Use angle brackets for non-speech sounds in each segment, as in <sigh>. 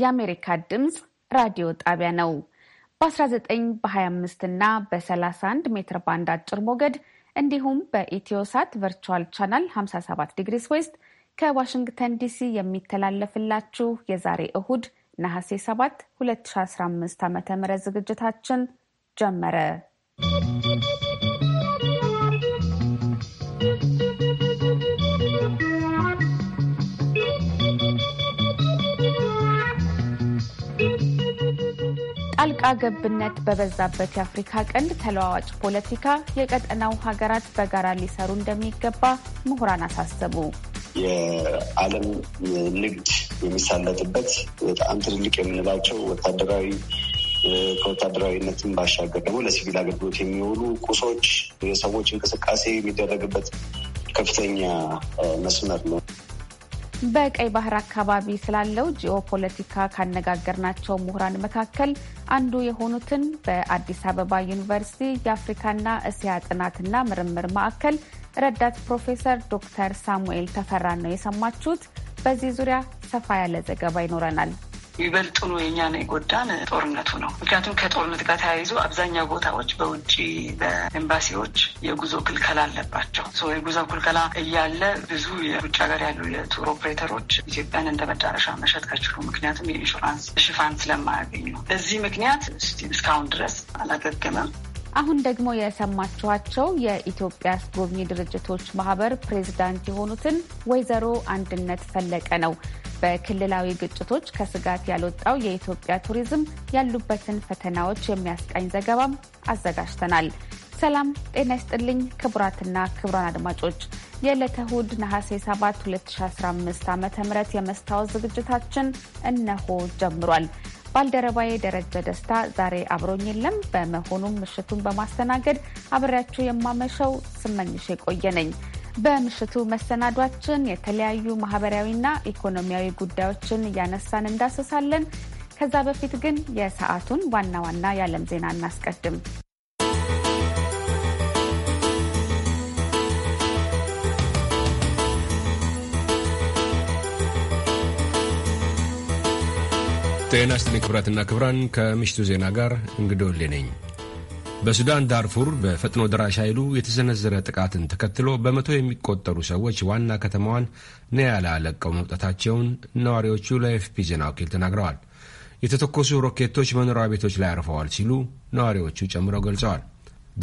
የአሜሪካ ድምፅ ራዲዮ ጣቢያ ነው። በ19 በ25 እና በ31 ሜትር ባንድ አጭር ሞገድ እንዲሁም በኢትዮሳት ቨርቹዋል ቻናል 57 ዲግሪስ ዌስት ከዋሽንግተን ዲሲ የሚተላለፍላችሁ የዛሬ እሁድ ነሐሴ 7 2015 ዓ ም ዝግጅታችን ጀመረ። ጣልቃ ገብነት በበዛበት የአፍሪካ ቀንድ ተለዋዋጭ ፖለቲካ የቀጠናው ሀገራት በጋራ ሊሰሩ እንደሚገባ ምሁራን አሳሰቡ። የዓለም ንግድ የሚሳለጥበት በጣም ትልልቅ የምንላቸው ወታደራዊ ከወታደራዊነትን ባሻገር ደግሞ ለሲቪል አገልግሎት የሚውሉ ቁሶች፣ የሰዎች እንቅስቃሴ የሚደረግበት ከፍተኛ መስመር ነው። በቀይ ባህር አካባቢ ስላለው ጂኦፖለቲካ ካነጋገርናቸው ምሁራን መካከል አንዱ የሆኑትን በአዲስ አበባ ዩኒቨርሲቲ የአፍሪካና እስያ ጥናትና ምርምር ማዕከል ረዳት ፕሮፌሰር ዶክተር ሳሙኤል ተፈራ ነው የሰማችሁት። በዚህ ዙሪያ ሰፋ ያለ ዘገባ ይኖረናል። ይበልጡኑ የእኛን የጎዳን ጦርነቱ ነው። ምክንያቱም ከጦርነት ጋር ተያይዞ አብዛኛው ቦታዎች በውጭ በኤምባሲዎች የጉዞ ክልከላ አለባቸው። የጉዞ ክልከላ እያለ ብዙ የውጭ ሀገር ያሉ የቱር ኦፕሬተሮች ኢትዮጵያን እንደ መዳረሻ መሸጥ ከችሉ ምክንያቱም የኢንሹራንስ ሽፋን ስለማያገኙ በዚህ ምክንያት እስካሁን ድረስ አላገገመም። አሁን ደግሞ የሰማችኋቸው የኢትዮጵያ አስጎብኚ ድርጅቶች ማህበር ፕሬዝዳንት የሆኑትን ወይዘሮ አንድነት ፈለቀ ነው። በክልላዊ ግጭቶች ከስጋት ያልወጣው የኢትዮጵያ ቱሪዝም ያሉበትን ፈተናዎች የሚያስቃኝ ዘገባም አዘጋጅተናል። ሰላም ጤና ይስጥልኝ ክቡራትና ክቡራን አድማጮች የዕለተ እሁድ ነሐሴ 7 2015 ዓ ም የመስታወት ዝግጅታችን እነሆ ጀምሯል። ባልደረባዬ ደረጀ ደስታ ዛሬ አብሮኝ የለም። በመሆኑም ምሽቱን በማስተናገድ አብሬያችሁ የማመሸው ስመኝሽ የቆየ ነኝ። በምሽቱ መሰናዷችን የተለያዩ ማህበራዊና ኢኮኖሚያዊ ጉዳዮችን እያነሳን እንዳስሳለን። ከዛ በፊት ግን የሰዓቱን ዋና ዋና የዓለም ዜና እናስቀድም። ጤና ይስጥልኝ ክቡራትና ክብራን ከምሽቱ ዜና ጋር እንግዶ ወሌ ነኝ። በሱዳን ዳርፉር በፈጥኖ ደራሽ ኃይሉ የተሰነዘረ ጥቃትን ተከትሎ በመቶ የሚቆጠሩ ሰዎች ዋና ከተማዋን ኒያላ ለቀው መውጣታቸውን ነዋሪዎቹ ለኤፍፒ ዜና ወኪል ተናግረዋል። የተተኮሱ ሮኬቶች መኖሪያ ቤቶች ላይ አርፈዋል ሲሉ ነዋሪዎቹ ጨምረው ገልጸዋል።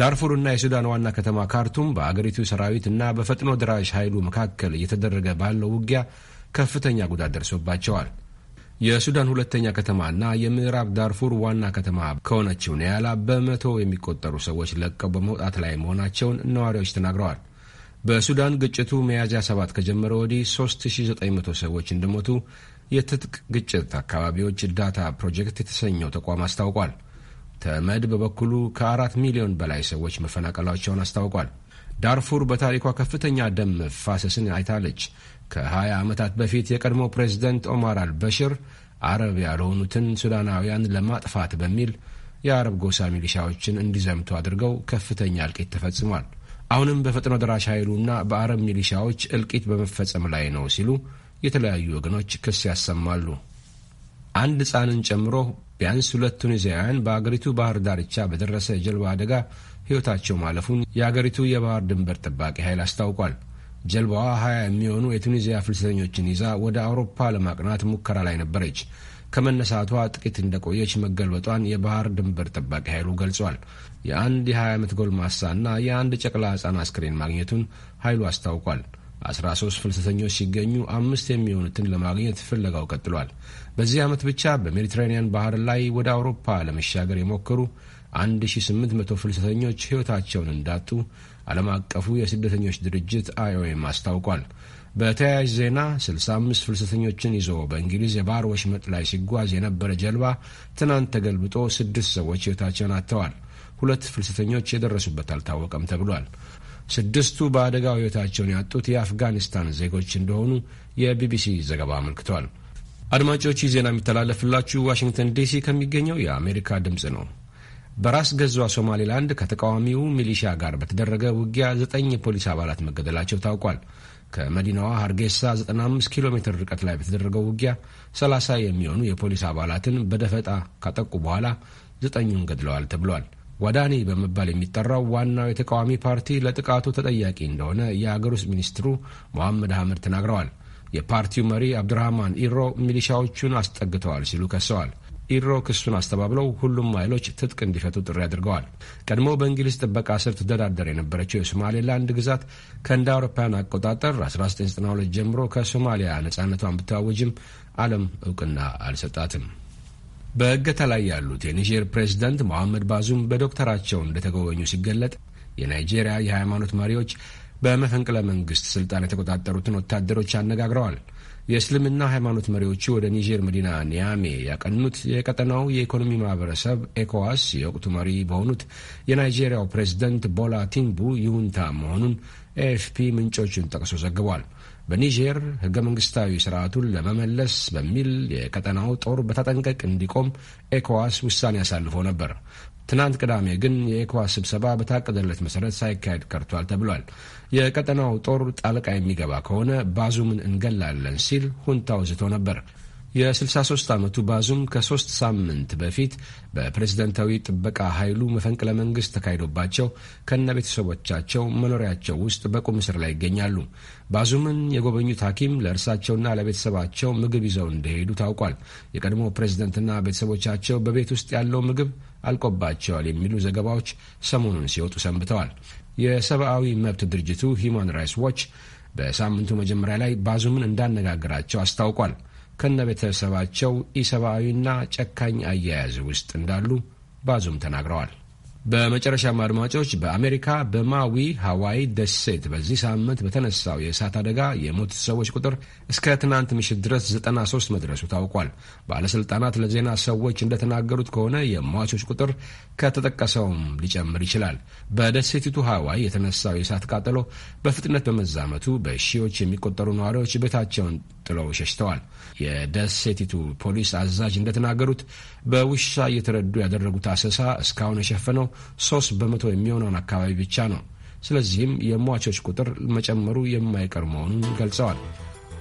ዳርፉርና የሱዳን ዋና ከተማ ካርቱም በአገሪቱ ሰራዊት እና በፈጥኖ ደራሽ ኃይሉ መካከል እየተደረገ ባለው ውጊያ ከፍተኛ ጉዳት ደርሶባቸዋል። የሱዳን ሁለተኛ ከተማና የምዕራብ ዳርፉር ዋና ከተማ ከሆነችው ኒያላ በመቶ የሚቆጠሩ ሰዎች ለቀው በመውጣት ላይ መሆናቸውን ነዋሪዎች ተናግረዋል። በሱዳን ግጭቱ ሚያዝያ 7 ከጀመረ ወዲህ 3900 ሰዎች እንደሞቱ የትጥቅ ግጭት አካባቢዎች ዳታ ፕሮጀክት የተሰኘው ተቋም አስታውቋል። ተመድ በበኩሉ ከአራት ሚሊዮን በላይ ሰዎች መፈናቀላቸውን አስታውቋል። ዳርፉር በታሪኳ ከፍተኛ ደም መፋሰስን አይታለች። ከ20 ዓመታት በፊት የቀድሞ ፕሬዚደንት ኦማር አልበሽር አረብ ያልሆኑትን ሱዳናውያን ለማጥፋት በሚል የአረብ ጎሳ ሚሊሻዎችን እንዲዘምቱ አድርገው ከፍተኛ እልቂት ተፈጽሟል። አሁንም በፈጥኖ ደራሽ ኃይሉና በአረብ ሚሊሻዎች እልቂት በመፈጸም ላይ ነው ሲሉ የተለያዩ ወገኖች ክስ ያሰማሉ። አንድ ሕፃንን ጨምሮ ቢያንስ ሁለት ቱኒዚያውያን በአገሪቱ ባህር ዳርቻ በደረሰ የጀልባ አደጋ ሕይወታቸው ማለፉን የአገሪቱ የባህር ድንበር ጠባቂ ኃይል አስታውቋል። ጀልባዋ 20 የሚሆኑ የቱኒዚያ ፍልሰተኞችን ይዛ ወደ አውሮፓ ለማቅናት ሙከራ ላይ ነበረች። ከመነሳቷ ጥቂት እንደቆየች መገልበጧን የባህር ድንበር ጠባቂ ኃይሉ ገልጿል። የአንድ የ20 ዓመት ጎልማሳ እና የአንድ ጨቅላ ሕፃን አስክሬን ማግኘቱን ኃይሉ አስታውቋል። 13 ፍልሰተኞች ሲገኙ አምስት የሚሆኑትን ለማግኘት ፍለጋው ቀጥሏል። በዚህ ዓመት ብቻ በሜዲትራኒያን ባህር ላይ ወደ አውሮፓ ለመሻገር የሞከሩ 1800 ፍልሰተኞች ሕይወታቸውን እንዳጡ ዓለም አቀፉ የስደተኞች ድርጅት አይኦኤም አስታውቋል። በተያያዥ ዜና 65 ፍልሰተኞችን ይዞ በእንግሊዝ የባህር ወሽመጥ ላይ ሲጓዝ የነበረ ጀልባ ትናንት ተገልብጦ ስድስት ሰዎች ሕይወታቸውን አጥተዋል። ሁለት ፍልሰተኞች የደረሱበት አልታወቀም ተብሏል። ስድስቱ በአደጋው ሕይወታቸውን ያጡት የአፍጋኒስታን ዜጎች እንደሆኑ የቢቢሲ ዘገባ አመልክቷል። አድማጮች ይህ ዜና የሚተላለፍላችሁ ዋሽንግተን ዲሲ ከሚገኘው የአሜሪካ ድምፅ ነው። በራስ ገዟ ሶማሌላንድ ከተቃዋሚው ሚሊሻ ጋር በተደረገ ውጊያ ዘጠኝ የፖሊስ አባላት መገደላቸው ታውቋል። ከመዲናዋ ሀርጌሳ 95 ኪሎ ሜትር ርቀት ላይ በተደረገው ውጊያ 30 የሚሆኑ የፖሊስ አባላትን በደፈጣ ካጠቁ በኋላ ዘጠኙን ገድለዋል ተብሏል። ዋዳኒ በመባል የሚጠራው ዋናው የተቃዋሚ ፓርቲ ለጥቃቱ ተጠያቂ እንደሆነ የአገር ውስጥ ሚኒስትሩ መሐመድ አህመድ ተናግረዋል። የፓርቲው መሪ አብዱራህማን ኢሮ ሚሊሻዎቹን አስጠግተዋል ሲሉ ከሰዋል። ኢሮ ክሱን አስተባብለው ሁሉም ኃይሎች ትጥቅ እንዲፈቱ ጥሪ አድርገዋል። ቀድሞ በእንግሊዝ ጥበቃ ስር ትደዳደር የነበረችው የሶማሌላንድ ግዛት ከእንደ አውሮፓውያን አቆጣጠር 1992 ጀምሮ ከሶማሊያ ነጻነቷን ብታወጅም ዓለም እውቅና አልሰጣትም። በእገታ ላይ ያሉት የኒጀር ፕሬዚዳንት መሐመድ ባዙም በዶክተራቸው እንደተጎበኙ ሲገለጥ የናይጄሪያ የሃይማኖት መሪዎች በመፈንቅለ መንግስት ስልጣን የተቆጣጠሩትን ወታደሮች አነጋግረዋል። የእስልምና ሃይማኖት መሪዎቹ ወደ ኒጀር መዲና ኒያሜ ያቀኑት የቀጠናው የኢኮኖሚ ማህበረሰብ ኤኮዋስ የወቅቱ መሪ በሆኑት የናይጄሪያው ፕሬዝደንት ቦላ ቲንቡ ይሁንታ መሆኑን ኤኤፍፒ ምንጮቹን ጠቅሶ ዘግቧል። በኒጀር ህገ መንግስታዊ ስርዓቱን ለመመለስ በሚል የቀጠናው ጦር በተጠንቀቅ እንዲቆም ኤኮዋስ ውሳኔ አሳልፎ ነበር። ትናንት ቅዳሜ ግን የኤኳስ ስብሰባ በታቀደለት መሠረት ሳይካሄድ ቀርቷል ተብሏል። የቀጠናው ጦር ጣልቃ የሚገባ ከሆነ ባዙምን እንገላለን ሲል ሁንታው ዝቶ ነበር። የ63 ዓመቱ ባዙም ከሦስት ሳምንት በፊት በፕሬዝደንታዊ ጥበቃ ኃይሉ መፈንቅለ መንግሥት ተካሂዶባቸው ከነ ቤተሰቦቻቸው መኖሪያቸው ውስጥ በቁም እስር ላይ ይገኛሉ። ባዙምን የጎበኙት ሐኪም ለእርሳቸውና ለቤተሰባቸው ምግብ ይዘው እንደሄዱ ታውቋል። የቀድሞ ፕሬዝደንትና ቤተሰቦቻቸው በቤት ውስጥ ያለው ምግብ አልቆባቸዋል የሚሉ ዘገባዎች ሰሞኑን ሲወጡ ሰንብተዋል። የሰብአዊ መብት ድርጅቱ ሂዩማን ራይትስ ዎች በሳምንቱ መጀመሪያ ላይ ባዙምን እንዳነጋገራቸው አስታውቋል። ከነ ቤተሰባቸው ኢሰብአዊና ጨካኝ አያያዝ ውስጥ እንዳሉ ባዙም ተናግረዋል። በመጨረሻም አድማጮች በአሜሪካ በማዊ ሃዋይ ደሴት በዚህ ሳምንት በተነሳው የእሳት አደጋ የሞቱት ሰዎች ቁጥር እስከ ትናንት ምሽት ድረስ 93 መድረሱ ታውቋል። ባለሥልጣናት ለዜና ሰዎች እንደተናገሩት ከሆነ የሟቾች ቁጥር ከተጠቀሰውም ሊጨምር ይችላል። በደሴቲቱ ሃዋይ የተነሳው የእሳት ቃጠሎ በፍጥነት በመዛመቱ በሺዎች የሚቆጠሩ ነዋሪዎች ቤታቸውን ጥለው ሸሽተዋል። የደሴቲቱ ፖሊስ አዛዥ እንደተናገሩት በውሻ እየተረዱ ያደረጉት አሰሳ እስካሁን የሸፈነው ሶስት በመቶ የሚሆነውን አካባቢ ብቻ ነው። ስለዚህም የሟቾች ቁጥር መጨመሩ የማይቀር መሆኑን ገልጸዋል።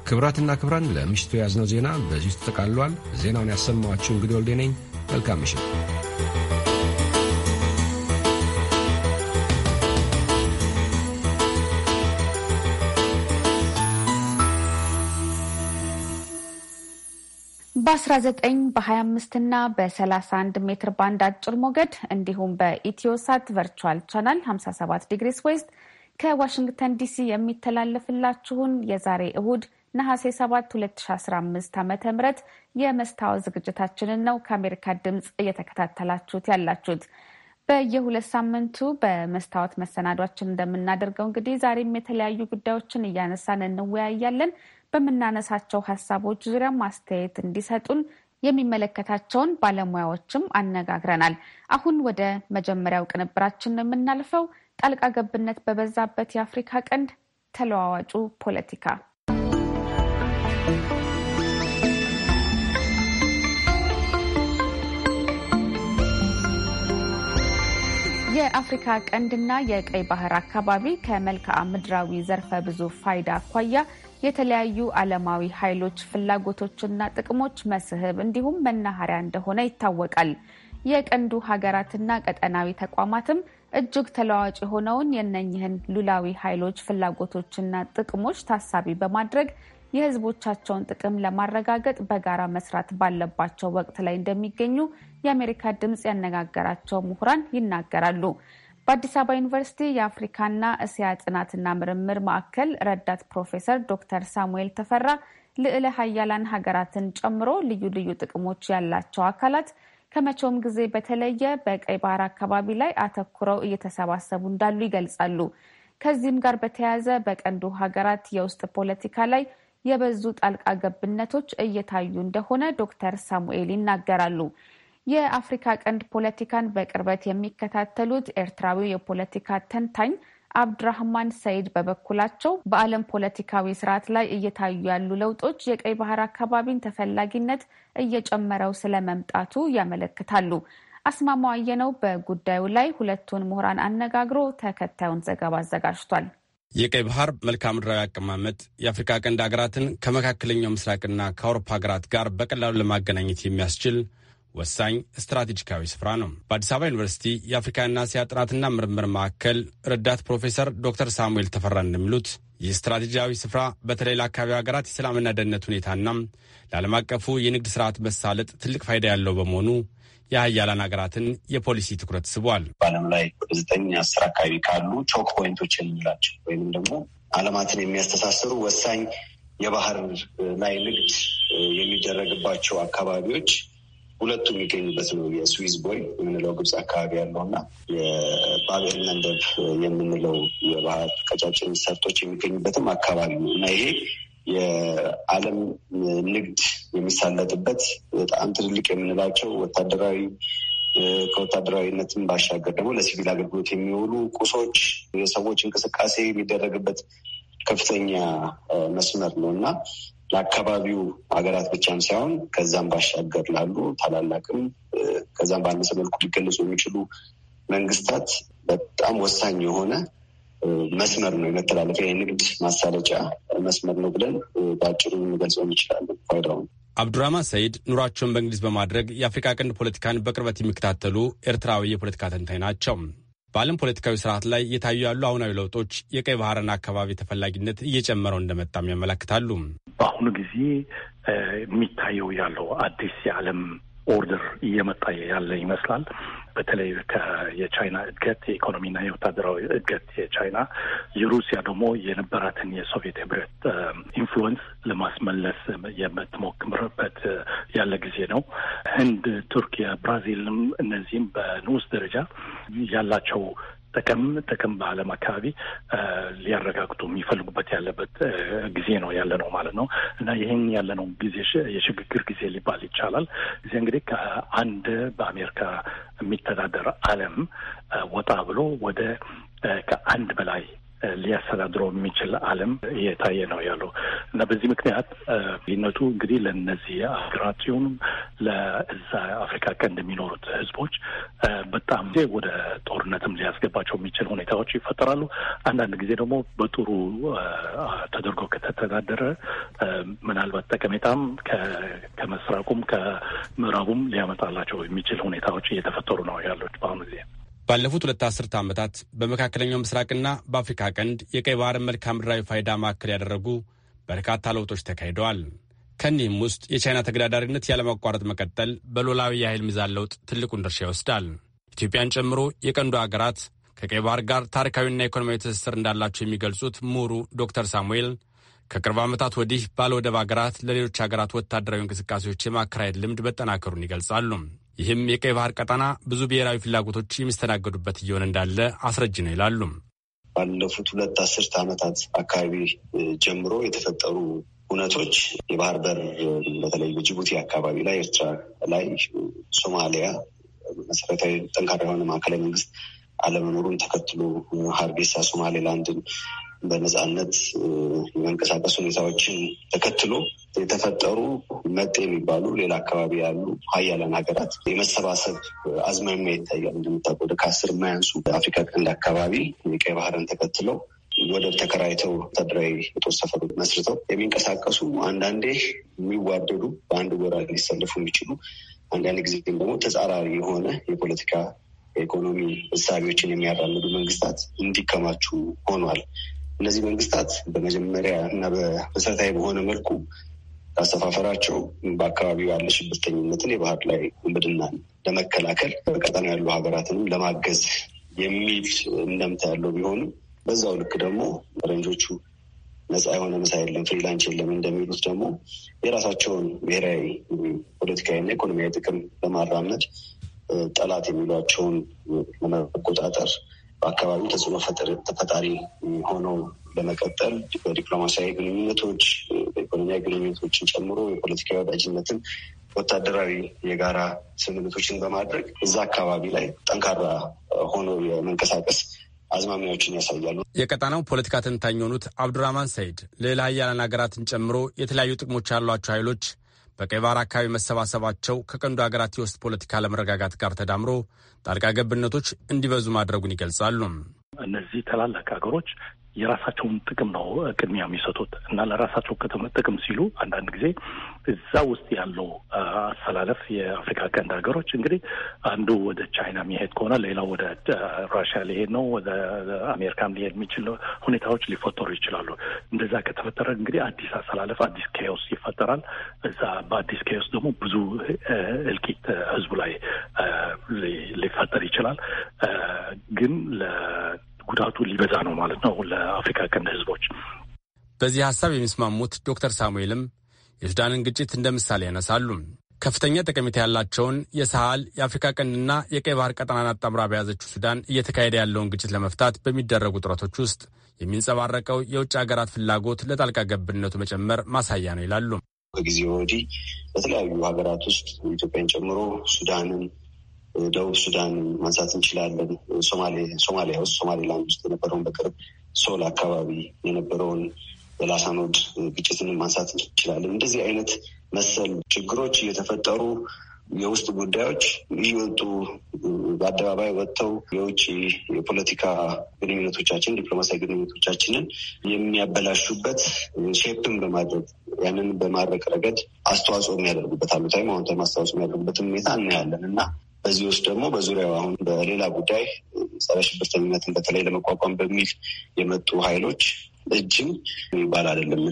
ክብራትና ክብራን ለምሽቱ የያዝነው ዜና በዚሁ ተጠቃልሏል። ዜናውን ያሰማኋችሁ እንግዲህ ወልዴ ነኝ። መልካም ምሽት። በ19 በ25 እና በ31 ሜትር ባንድ አጭር ሞገድ እንዲሁም በኢትዮሳት ቨርቹዋል ቻናል 57 ዲግሪስ ዌስት ከዋሽንግተን ዲሲ የሚተላለፍላችሁን የዛሬ እሁድ ነሐሴ 7 2015 ዓ ም የመስታወት ዝግጅታችንን ነው ከአሜሪካ ድምፅ እየተከታተላችሁት ያላችሁት። በየሁለት ሳምንቱ በመስታወት መሰናዷችን እንደምናደርገው እንግዲህ ዛሬም የተለያዩ ጉዳዮችን እያነሳን እንወያያለን። በምናነሳቸው ሀሳቦች ዙሪያ ማስተያየት እንዲሰጡን የሚመለከታቸውን ባለሙያዎችም አነጋግረናል። አሁን ወደ መጀመሪያው ቅንብራችን ነው የምናልፈው። ጣልቃ ገብነት በበዛበት የአፍሪካ ቀንድ ተለዋዋጩ ፖለቲካ የአፍሪካ ቀንድና የቀይ ባህር አካባቢ ከመልክዓ ምድራዊ ዘርፈ ብዙ ፋይዳ አኳያ የተለያዩ ዓለማዊ ኃይሎች ፍላጎቶችና ጥቅሞች መስህብ እንዲሁም መናኸሪያ እንደሆነ ይታወቃል። የቀንዱ ሀገራትና ቀጠናዊ ተቋማትም እጅግ ተለዋጭ የሆነውን የነኝህን ሉላዊ ኃይሎች ፍላጎቶችና ጥቅሞች ታሳቢ በማድረግ የህዝቦቻቸውን ጥቅም ለማረጋገጥ በጋራ መስራት ባለባቸው ወቅት ላይ እንደሚገኙ የአሜሪካ ድምፅ ያነጋገራቸው ምሁራን ይናገራሉ። በአዲስ አበባ ዩኒቨርሲቲ የአፍሪካና እስያ ጥናትና ምርምር ማዕከል ረዳት ፕሮፌሰር ዶክተር ሳሙኤል ተፈራ ልዕለ ሀያላን ሀገራትን ጨምሮ ልዩ ልዩ ጥቅሞች ያላቸው አካላት ከመቼውም ጊዜ በተለየ በቀይ ባህር አካባቢ ላይ አተኩረው እየተሰባሰቡ እንዳሉ ይገልጻሉ። ከዚህም ጋር በተያያዘ በቀንዱ ሀገራት የውስጥ ፖለቲካ ላይ የበዙ ጣልቃ ገብነቶች እየታዩ እንደሆነ ዶክተር ሳሙኤል ይናገራሉ። የአፍሪካ ቀንድ ፖለቲካን በቅርበት የሚከታተሉት ኤርትራዊው የፖለቲካ ተንታኝ አብድራህማን ሰይድ በበኩላቸው በዓለም ፖለቲካዊ ስርዓት ላይ እየታዩ ያሉ ለውጦች የቀይ ባህር አካባቢን ተፈላጊነት እየጨመረው ስለመምጣቱ ያመለክታሉ። አስማማው አየነው በጉዳዩ ላይ ሁለቱን ምሁራን አነጋግሮ ተከታዩን ዘገባ አዘጋጅቷል። የቀይ ባህር መልክዓ ምድራዊ አቀማመጥ የአፍሪካ ቀንድ ሀገራትን ከመካከለኛው ምስራቅና ከአውሮፓ ሀገራት ጋር በቀላሉ ለማገናኘት የሚያስችል ወሳኝ ስትራቴጂካዊ ስፍራ ነው። በአዲስ አበባ ዩኒቨርሲቲ የአፍሪካና እስያ ጥናትና ምርምር ማዕከል ረዳት ፕሮፌሰር ዶክተር ሳሙኤል ተፈራ እንደሚሉት ይህ ስትራቴጂያዊ ስፍራ በተለይ ለአካባቢ ሀገራት የሰላምና ደህንነት ሁኔታና ለዓለም አቀፉ የንግድ ስርዓት መሳለጥ ትልቅ ፋይዳ ያለው በመሆኑ የሀያላን ሀገራትን የፖሊሲ ትኩረት ስቧል። በዓለም ላይ ወደ ዘጠኝ አስር አካባቢ ካሉ ቾክ ፖይንቶች የምንላቸው ወይም ደግሞ ዓለማትን የሚያስተሳስሩ ወሳኝ የባህር ላይ ንግድ የሚደረግባቸው አካባቢዎች ሁለቱ የሚገኙበት ነው። የስዊዝ ቦይ የምንለው ግብፅ አካባቢ ያለው እና የባብኤል መንደብ የምንለው የባህር ቀጫጭን ሰርጦች የሚገኙበትም አካባቢ ነው እና ይሄ የዓለም ንግድ የሚሳለጥበት በጣም ትልልቅ የምንላቸው ወታደራዊ ከወታደራዊነትም ባሻገር ደግሞ ለሲቪል አገልግሎት የሚውሉ ቁሶች፣ የሰዎች እንቅስቃሴ የሚደረግበት ከፍተኛ መስመር ነው እና ለአካባቢው ሀገራት ብቻም ሳይሆን ከዛም ባሻገር ላሉ ታላላቅም ከዛም በአነሰ መልኩ ሊገለጹ የሚችሉ መንግስታት በጣም ወሳኝ የሆነ መስመር ነው የመተላለፊያ የንግድ ማሳለጫ መስመር ነው ብለን በአጭሩ ልንገልጸው እንችላለን ፋይዳውን። አብዱራማን ሰይድ ኑሯቸውን በእንግሊዝ በማድረግ የአፍሪካ ቀንድ ፖለቲካን በቅርበት የሚከታተሉ ኤርትራዊ የፖለቲካ ተንታኝ ናቸው። በዓለም ፖለቲካዊ ስርዓት ላይ እየታዩ ያሉ አሁናዊ ለውጦች የቀይ ባህርን አካባቢ ተፈላጊነት እየጨመረው እንደመጣም ያመለክታሉ። በአሁኑ ጊዜ የሚታየው ያለው አዲስ የዓለም ኦርደር እየመጣ ያለ ይመስላል። በተለይ የቻይና እድገት የኢኮኖሚና የወታደራዊ እድገት የቻይና የሩሲያ ደግሞ የነበራትን የሶቪየት ህብረት ኢንፍሉወንስ ለማስመለስ የምትሞክርበት ያለ ጊዜ ነው። ህንድ፣ ቱርኪያ፣ ብራዚልም እነዚህም በንዑስ ደረጃ ያላቸው ጥቅም ጥቅም በዓለም አካባቢ ሊያረጋግጡ የሚፈልጉበት ያለበት ጊዜ ነው ያለ ነው ማለት ነው እና ይህን ያለ ነው ጊዜ የሽግግር ጊዜ ሊባል ይቻላል። እዚህ እንግዲህ ከአንድ በአሜሪካ የሚተዳደር ዓለም ወጣ ብሎ ወደ ከአንድ በላይ ሊያስተዳድረው የሚችል ዓለም እየታየ ነው ያለው እና በዚህ ምክንያት ልዩነቱ እንግዲህ ለእነዚህ ሀገራት ሲሆኑም ለእዛ አፍሪካ ቀንድ የሚኖሩት ህዝቦች በጣም ጊዜ ወደ ጦርነትም ሊያስገባቸው የሚችል ሁኔታዎች ይፈጠራሉ። አንዳንድ ጊዜ ደግሞ በጥሩ ተደርጎ ከተተዳደረ ምናልባት ጠቀሜታም ከመስራቁም ከምዕራቡም ሊያመጣላቸው የሚችል ሁኔታዎች እየተፈጠሩ ነው ያሉት በአሁኑ ጊዜ። ባለፉት ሁለት አስርተ ዓመታት በመካከለኛው ምስራቅና በአፍሪካ ቀንድ የቀይ ባህርን መልክዓ ምድራዊ ፋይዳ ማዕከል ያደረጉ በርካታ ለውጦች ተካሂደዋል። ከኒህም ውስጥ የቻይና ተገዳዳሪነት ያለማቋረጥ መቀጠል በሎላዊ የኃይል ሚዛን ለውጥ ትልቁን ድርሻ ይወስዳል። ኢትዮጵያን ጨምሮ የቀንዱ አገራት ከቀይ ባህር ጋር ታሪካዊና ኢኮኖሚያዊ ትስስር እንዳላቸው የሚገልጹት ምሁሩ ዶክተር ሳሙኤል ከቅርብ ዓመታት ወዲህ ባለወደብ አገራት ለሌሎች አገራት ወታደራዊ እንቅስቃሴዎች የማከራየት ልምድ መጠናከሩን ይገልጻሉ። ይህም የቀይ ባህር ቀጠና ብዙ ብሔራዊ ፍላጎቶች የሚስተናገዱበት እየሆነ እንዳለ አስረጅ ነው ይላሉም። ባለፉት ሁለት አስርት ዓመታት አካባቢ ጀምሮ የተፈጠሩ እውነቶች የባህር በር በተለይ በጅቡቲ አካባቢ ላይ፣ ኤርትራ ላይ፣ ሶማሊያ መሰረታዊ ጠንካራ የሆነ ማዕከላዊ መንግስት አለመኖሩን ተከትሎ ሀርጌሳ ሶማሌላንድን በነፃነት የመንቀሳቀስ ሁኔታዎችን ተከትሎ የተፈጠሩ መጤ የሚባሉ ሌላ አካባቢ ያሉ ሀያላን ሀገራት የመሰባሰብ አዝማሚያ ይታያል። እንደምታውቀው ወደ ከአስር የማያንሱ አፍሪካ ቀንድ አካባቢ የቀይ ባህርን ተከትለው ወደብ ተከራይተው ወታደራዊ ጦር ሰፈር መስርተው የሚንቀሳቀሱ አንዳንዴ የሚዋደዱ በአንድ ጎራ ሊሰልፉ የሚችሉ አንዳንድ ጊዜ ደግሞ ተጻራሪ የሆነ የፖለቲካ የኢኮኖሚ እሳቢዎችን የሚያራምዱ መንግስታት እንዲከማቹ ሆኗል። እነዚህ መንግስታት በመጀመሪያ እና በመሰረታዊ በሆነ መልኩ አሰፋፈራቸው በአካባቢው ያለ ሽብርተኝነትን፣ የባህር ላይ ውንብድናን ለመከላከል በቀጠና ያሉ ሀገራትንም ለማገዝ የሚል እንደምታ ያለው ቢሆንም በዛው ልክ ደግሞ ፈረንጆቹ ነፃ የሆነ ምሳ የለም ፍሪላንስ የለም እንደሚሉት ደግሞ የራሳቸውን ብሔራዊ ፖለቲካዊና ኢኮኖሚያዊ ጥቅም ለማራመድ ጠላት የሚሏቸውን ለመቆጣጠር በአካባቢው ተጽዕኖ ፈጣሪ ሆነው በመቀጠል በዲፕሎማሲያዊ ግንኙነቶች፣ በኢኮኖሚያዊ ግንኙነቶችን ጨምሮ የፖለቲካዊ ወዳጅነትን፣ ወታደራዊ የጋራ ስምምነቶችን በማድረግ እዛ አካባቢ ላይ ጠንካራ ሆኖ የመንቀሳቀስ አዝማሚያዎችን ያሳያሉ። የቀጣናው ፖለቲካ ተንታኝ የሆኑት አብዱራህማን ሰይድ ሌላ ሀያላን ሀገራትን ጨምሮ የተለያዩ ጥቅሞች ያሏቸው ኃይሎች በቀይ ባህር አካባቢ መሰባሰባቸው ከቀንዱ ሀገራት የውስጥ ፖለቲካ አለመረጋጋት ጋር ተዳምሮ ጣልቃ ገብነቶች እንዲበዙ ማድረጉን ይገልጻሉ። እነዚህ ታላላቅ ሀገሮች የራሳቸውን ጥቅም ነው ቅድሚያ የሚሰጡት እና ለራሳቸው ጥቅም ሲሉ አንዳንድ ጊዜ እዛ ውስጥ ያለው አሰላለፍ የአፍሪካ ቀንድ ሀገሮች እንግዲህ አንዱ ወደ ቻይና የሚሄድ ከሆነ ሌላው ወደ ራሽያ ሊሄድ ነው፣ ወደ አሜሪካም ሊሄድ የሚችል ሁኔታዎች ሊፈጠሩ ይችላሉ። እንደዛ ከተፈጠረ እንግዲህ አዲስ አሰላለፍ፣ አዲስ ኬዮስ ይፈጠራል። እዛ በአዲስ ኬዮስ ደግሞ ብዙ እልቂት ህዝቡ ላይ ሊፈጠር ይችላል ግን ጉዳቱ ሊበዛ ነው ማለት ነው ለአፍሪካ ቀንድ ህዝቦች። በዚህ ሀሳብ የሚስማሙት ዶክተር ሳሙኤልም የሱዳንን ግጭት እንደ ምሳሌ ያነሳሉ። ከፍተኛ ጠቀሜታ ያላቸውን የሳህል የአፍሪካ ቀንድና የቀይ ባህር ቀጠናን አጣምራ በያዘችው ሱዳን እየተካሄደ ያለውን ግጭት ለመፍታት በሚደረጉ ጥረቶች ውስጥ የሚንጸባረቀው የውጭ ሀገራት ፍላጎት ለጣልቃ ገብነቱ መጨመር ማሳያ ነው ይላሉ። ከጊዜ ወዲህ በተለያዩ ሀገራት ውስጥ ኢትዮጵያን ጨምሮ ሱዳንን ደቡብ ሱዳን ማንሳት እንችላለን። ሶማሊያ ውስጥ ሶማሌላንድ ውስጥ የነበረውን በቅርብ ሶል አካባቢ የነበረውን የላሳኖድ ግጭትን ማንሳት እንችላለን። እንደዚህ አይነት መሰል ችግሮች እየተፈጠሩ የውስጥ ጉዳዮች እየወጡ በአደባባይ ወጥተው የውጭ የፖለቲካ ግንኙነቶቻችን ዲፕሎማሲያዊ ግንኙነቶቻችንን የሚያበላሹበት ሼፕን በማድረግ ያንን በማድረግ ረገድ አስተዋጽኦ የሚያደርጉበት አሉታዊ አዎንታዊ አስተዋጽኦ የሚያደርጉበትን ሁኔታ እናያለን እና በዚህ ውስጥ ደግሞ በዙሪያው አሁን በሌላ ጉዳይ ጸረ ሽብርተኝነትን በተለይ ለመቋቋም በሚል የመጡ ኃይሎች እጅም ይባል አይደለም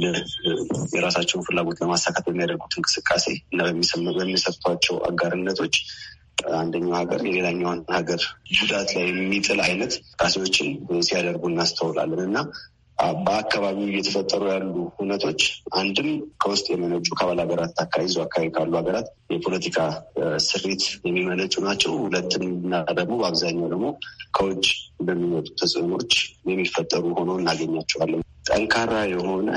የራሳቸውን ፍላጎት ለማሳካት በሚያደርጉት እንቅስቃሴ እና በሚሰጥቷቸው አጋርነቶች አንደኛው ሀገር የሌላኛውን ሀገር ጉዳት ላይ የሚጥል አይነት ቃሴዎችን ሲያደርጉ እናስተውላለን እና በአካባቢው እየተፈጠሩ ያሉ እውነቶች አንድም ከውስጥ የመነጩ ከባል ሀገራት አካይዞ አካባቢ ካሉ ሀገራት የፖለቲካ ስሪት የሚመነጩ ናቸው። ሁለትና ደግሞ በአብዛኛው ደግሞ ከውጭ በሚመጡ ተጽዕኖች የሚፈጠሩ ሆኖ እናገኛቸዋለን። ጠንካራ የሆነ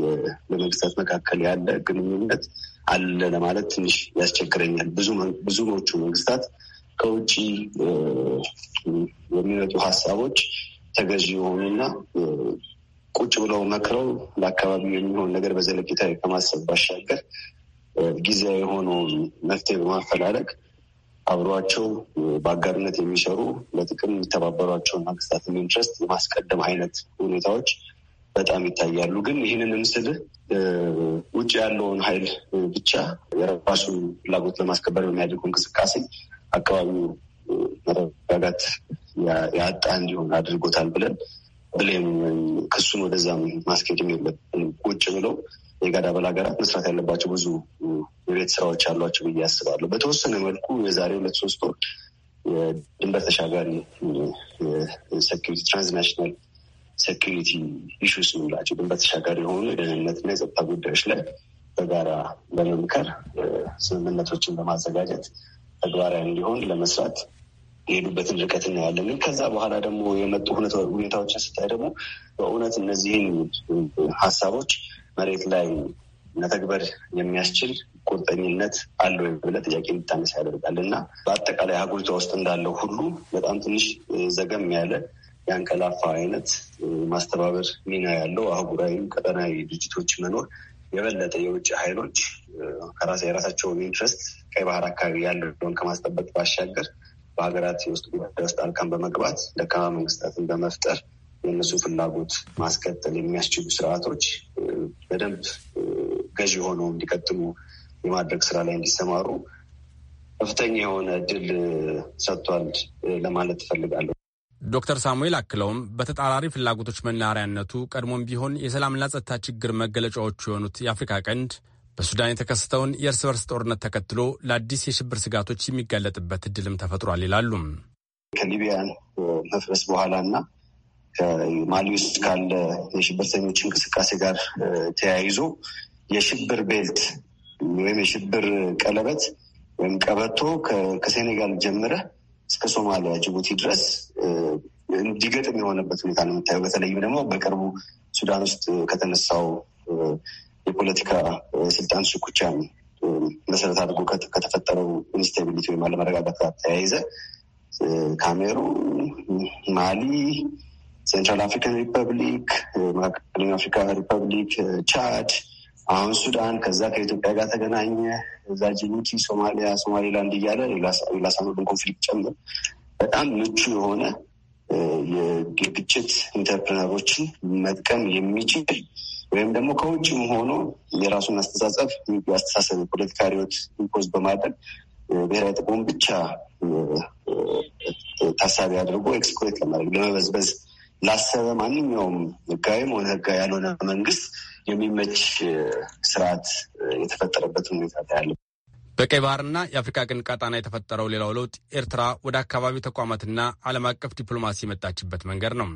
በመንግስታት መካከል ያለ ግንኙነት አለ ለማለት ትንሽ ያስቸግረኛል። ብዙ ብዙዎቹ መንግስታት ከውጭ የሚመጡ ሀሳቦች ተገዢ የሆኑና ቁጭ ብለው መክረው ለአካባቢው የሚሆን ነገር በዘለቂታ ከማሰብ ባሻገር ጊዜያዊ የሆነውን መፍትሄ በማፈላለግ አብሯቸው በአጋርነት የሚሰሩ ለጥቅም የሚተባበሯቸውን መንግስታትን ኢንትረስት የማስቀደም አይነት ሁኔታዎች በጣም ይታያሉ። ግን ይህንን ምስል ውጭ ያለውን ኃይል ብቻ የራሱ ፍላጎት ለማስከበር በሚያደርጉ እንቅስቃሴ አካባቢው መረጋጋት ያጣ እንዲሆን አድርጎታል ብለን ብሌም ክሱን ወደዛ ማስኬድ የለብንም። ቁጭ ብለው የጋድ አባል ሀገራት መስራት ያለባቸው ብዙ የቤት ስራዎች አሏቸው ብዬ አስባለሁ። በተወሰነ መልኩ የዛሬ ሁለት ሶስት ወር የድንበር ተሻጋሪ ሴኪሪቲ ትራንስናሽናል ሴኪሪቲ ኢሹስ የምንላቸው ድንበር ተሻጋሪ የሆኑ የደህንነትና የጸጥታ ጉዳዮች ላይ በጋራ በመምከር ስምምነቶችን በማዘጋጀት ተግባራዊ እንዲሆን ለመስራት የሄዱበትን ርቀት እናያለን። ግን ከዛ በኋላ ደግሞ የመጡ ሁኔታዎችን ስታይ ደግሞ በእውነት እነዚህን ሀሳቦች መሬት ላይ መተግበር የሚያስችል ቁርጠኝነት አለ ወይ ብለህ ጥያቄ እንድታነሳ ያደርጋል እና በአጠቃላይ ሀገሪቷ ውስጥ እንዳለው ሁሉ በጣም ትንሽ ዘገም ያለ የአንቀላፋ አይነት ማስተባበር ሚና ያለው አህጉራዊም ቀጠናዊ ድርጅቶች መኖር የበለጠ የውጭ ኃይሎች የራሳቸውን ኢንትረስት ቀይ ባህር አካባቢ ያለውን ከማስጠበቅ ባሻገር በሀገራት የውስጥ ጉዳይ ጣልቃን በመግባት ደካማ መንግስታትን በመፍጠር የእነሱ ፍላጎት ማስቀጠል የሚያስችሉ ስርዓቶች በደንብ ገዢ ሆነው እንዲቀጥሉ የማድረግ ስራ ላይ እንዲሰማሩ ከፍተኛ የሆነ እድል ሰጥቷል ለማለት ትፈልጋለሁ። ዶክተር ሳሙኤል አክለውም በተጣራሪ ፍላጎቶች መናሪያነቱ ቀድሞም ቢሆን የሰላምና ጸጥታ ችግር መገለጫዎቹ የሆኑት የአፍሪካ ቀንድ በሱዳን የተከሰተውን የእርስ በርስ ጦርነት ተከትሎ ለአዲስ የሽብር ስጋቶች የሚጋለጥበት እድልም ተፈጥሯል ይላሉ። ከሊቢያ መፍረስ በኋላ እና ማሊ ውስጥ ካለ የሽብርተኞች እንቅስቃሴ ጋር ተያይዞ የሽብር ቤልት ወይም የሽብር ቀለበት ወይም ቀበቶ ከሴኔጋል ጀምረ እስከ ሶማሊያ ጅቡቲ ድረስ እንዲገጥም የሆነበት ሁኔታ ነው የምታየው። በተለይም ደግሞ በቅርቡ ሱዳን ውስጥ ከተነሳው የፖለቲካ ስልጣን ሽኩቻ መሰረት አድርጎ ከተፈጠረው ኢንስታቢሊቲ ወይም አለመረጋጋት ጋር ተያይዘ ካሜሩ ማሊ፣ ሴንትራል አፍሪካን ሪፐብሊክ፣ መካከለኛ አፍሪካ ሪፐብሊክ፣ ቻድ፣ አሁን ሱዳን፣ ከዛ ከኢትዮጵያ ጋር ተገናኘ፣ እዛ ጅቡቲ፣ ሶማሊያ፣ ሶማሌላንድ እያለ ሌላሳኖድን ኮንፍሊክት ጨምር በጣም ምቹ የሆነ የግጭት ኢንተርፕረነሮችን መጥቀም የሚችል ወይም ደግሞ ከውጭም ሆኖ የራሱን አስተሳሰብ አስተሳሰብ የፖለቲካ ሪዮት ኢምፖዝ በማድረግ ብሔራዊ ጥቅሙን ብቻ ታሳቢ አድርጎ ኤክስፕሎይት ለማድረግ ለመበዝበዝ ላሰበ ማንኛውም ህጋዊም ሆነ ህጋዊ ያልሆነ መንግስት የሚመች ስርዓት የተፈጠረበት ሁኔታ ያለ። በቀይ ባህርና የአፍሪካ ቀንድ ቀጣና የተፈጠረው ሌላው ለውጥ ኤርትራ ወደ አካባቢው ተቋማትና ዓለም አቀፍ ዲፕሎማሲ የመጣችበት መንገድ ነው።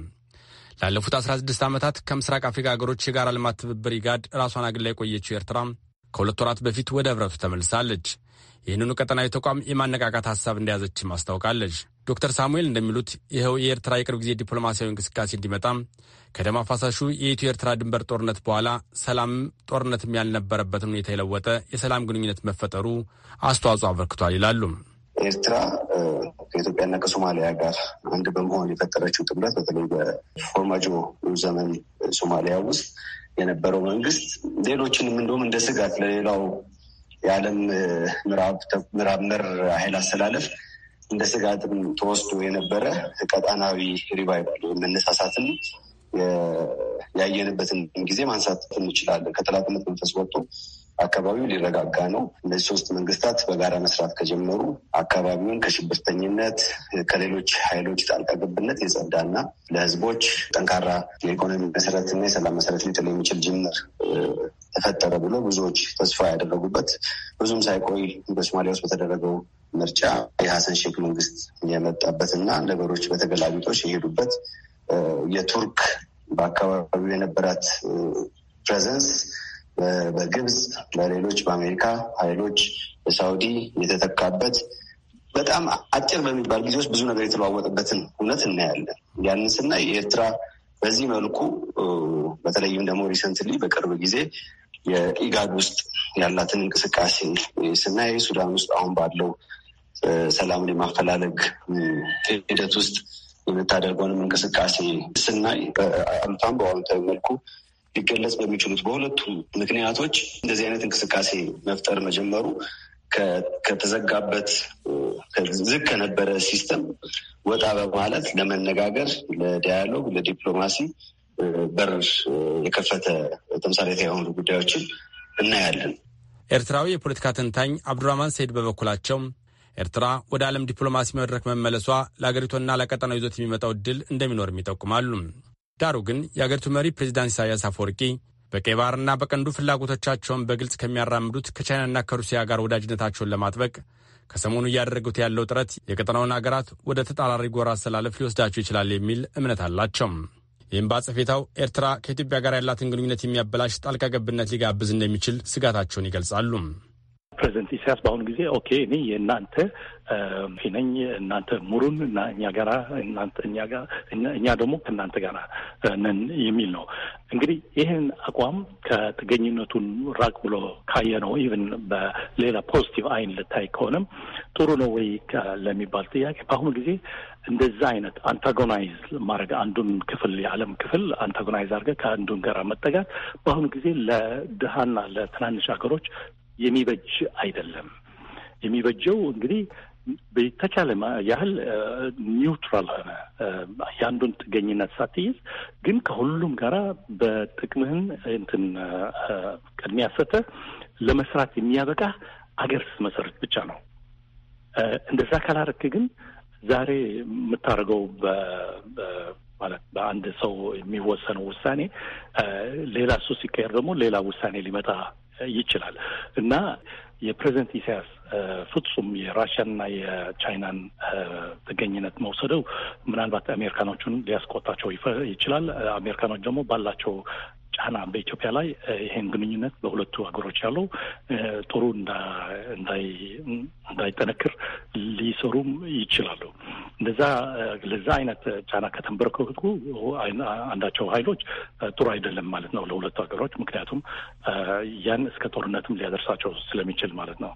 ላለፉት 16 ዓመታት ከምስራቅ አፍሪካ ሀገሮች የጋራ ልማት ትብብር ኢጋድ ራሷን አግላ የቆየችው ኤርትራ ከሁለት ወራት በፊት ወደ ህብረቱ ተመልሳለች። ይህንኑ ቀጠናዊ ተቋም የማነቃቃት ሀሳብ እንደያዘች ማስታወቃለች። ዶክተር ሳሙኤል እንደሚሉት ይኸው የኤርትራ የቅርብ ጊዜ ዲፕሎማሲያዊ እንቅስቃሴ እንዲመጣ ከደም አፋሳሹ የኢትዮ ኤርትራ ድንበር ጦርነት በኋላ ሰላምም ጦርነትም ያልነበረበትን ሁኔታ የለወጠ የሰላም ግንኙነት መፈጠሩ አስተዋጽኦ አበርክቷል ይላሉ። ኤርትራ ከኢትዮጵያና ከሶማሊያ ጋር አንድ በመሆን የፈጠረችው ጥምረት በተለይ በፎርማጆ ዘመን ሶማሊያ ውስጥ የነበረው መንግስት ሌሎችንም እንደውም እንደ ስጋት ለሌላው የዓለም ምዕራብ መር ኃይል አስተላለፍ እንደ ስጋትም ተወስዶ የነበረ ቀጣናዊ ሪቫይቫል ወይም መነሳሳትን ያየንበትን ጊዜ ማንሳት እንችላለን። ከጠላትነት መንፈስ ወጥቶ አካባቢው ሊረጋጋ ነው። እነዚህ ሶስት መንግስታት በጋራ መስራት ከጀመሩ አካባቢውን ከሽብርተኝነት፣ ከሌሎች ኃይሎች ጣልቃ ገብነት የጸዳና ለህዝቦች ጠንካራ የኢኮኖሚ መሰረትና የሰላም መሰረት ሊጥል የሚችል ጅምር ተፈጠረ ብሎ ብዙዎች ተስፋ ያደረጉበት ብዙም ሳይቆይ በሶማሊያ ውስጥ በተደረገው ምርጫ የሀሰን ሼክ መንግስት የመጣበት እና ነገሮች በተገላቢጦች የሄዱበት የቱርክ በአካባቢው የነበራት ፕሬዘንስ በግብፅ በሌሎች በአሜሪካ ኃይሎች በሳውዲ የተተካበት በጣም አጭር በሚባል ጊዜ ውስጥ ብዙ ነገር የተለዋወጠበትን እውነት እናያለን። ያንን ስናይ የኤርትራ በዚህ መልኩ በተለይም ደግሞ ሪሰንትሊ በቅርብ ጊዜ የኢጋድ ውስጥ ያላትን እንቅስቃሴ ስናይ ሱዳን ውስጥ አሁን ባለው ሰላምን የማፈላለግ ሂደት ውስጥ የምታደርገውንም እንቅስቃሴ ስናይ አሉታም በአዎንታዊ መልኩ ሊገለጽ በሚችሉት በሁለቱ ምክንያቶች እንደዚህ አይነት እንቅስቃሴ መፍጠር መጀመሩ ከተዘጋበት ዝግ ከነበረ ሲስተም ወጣ በማለት ለመነጋገር፣ ለዳያሎግ፣ ለዲፕሎማሲ በር የከፈተ ተምሳሌታ የሆኑ ጉዳዮችን እናያለን። ኤርትራዊ የፖለቲካ ተንታኝ አብዱራማን ሰይድ በበኩላቸው ኤርትራ ወደ ዓለም ዲፕሎማሲ መድረክ መመለሷ ለአገሪቱና ለቀጠናው ይዞት የሚመጣው ድል እንደሚኖርም ይጠቁማሉ። ዳሩ ግን የአገሪቱ መሪ ፕሬዚዳንት ኢሳያስ አፈወርቂ በቀይ ባህርና በቀንዱ ፍላጎቶቻቸውን በግልጽ ከሚያራምዱት ከቻይናና ከሩሲያ ጋር ወዳጅነታቸውን ለማጥበቅ ከሰሞኑ እያደረጉት ያለው ጥረት የቀጠናውን አገራት ወደ ተጣራሪ ጎራ አሰላለፍ ሊወስዳቸው ይችላል የሚል እምነት አላቸው። ይህም በአጸፌታው ኤርትራ ከኢትዮጵያ ጋር ያላትን ግንኙነት የሚያበላሽ ጣልቃ ገብነት ሊጋብዝ እንደሚችል ስጋታቸውን ይገልጻሉ። ፕሬዚደንት ኢሳያስ በአሁኑ ጊዜ ኦኬ እኔ የእናንተ ነኝ እናንተ ሙሩን እና እኛ ጋራ እናንተ እኛ እኛ ደግሞ ከእናንተ ጋር ነን የሚል ነው። እንግዲህ ይህን አቋም ከጥገኝነቱን ራቅ ብሎ ካየ ነው ኢቨን በሌላ ፖዚቲቭ አይን ልታይ ከሆነም ጥሩ ነው ወይ ለሚባል ጥያቄ በአሁኑ ጊዜ እንደዛ አይነት አንታጎናይዝ ማድረግ አንዱን ክፍል የዓለም ክፍል አንታጎናይዝ አድርገ ከአንዱን ጋር መጠጋት በአሁኑ ጊዜ ለድሃና ለትናንሽ ሀገሮች የሚበጅ አይደለም። የሚበጀው እንግዲህ በተቻለ ያህል ኒውትራል ሆነ የአንዱን ጥገኝነት ሳትይዝ ግን ከሁሉም ጋራ በጥቅምህን እንትን ቅድሚያ ሰጥተህ ለመስራት የሚያበቃ አገር ስትመሰርት ብቻ ነው። እንደዛ ካላረክ ግን ዛሬ የምታደርገው ማለት በአንድ ሰው የሚወሰነው ውሳኔ ሌላ እሱ ሲካሄድ ደግሞ ሌላ ውሳኔ ሊመጣ ይችላል እና የፕሬዚደንት ኢሳያስ ፍጹም የራሽያንና የቻይናን ጥገኝነት መውሰደው ምናልባት አሜሪካኖቹን ሊያስቆጣቸው ይችላል። አሜሪካኖች ደግሞ ባላቸው ጫና በኢትዮጵያ ላይ ይሄን ግንኙነት በሁለቱ ሀገሮች ያለው ጥሩ እንዳይጠነክር ሊሰሩም ይችላሉ። እንደዛ ለዛ አይነት ጫና ከተንበረከኩ አንዳቸው ኃይሎች ጥሩ አይደለም ማለት ነው ለሁለቱ ሀገሮች። ምክንያቱም ያን እስከ ጦርነትም ሊያደርሳቸው ስለሚችል ማለት ነው።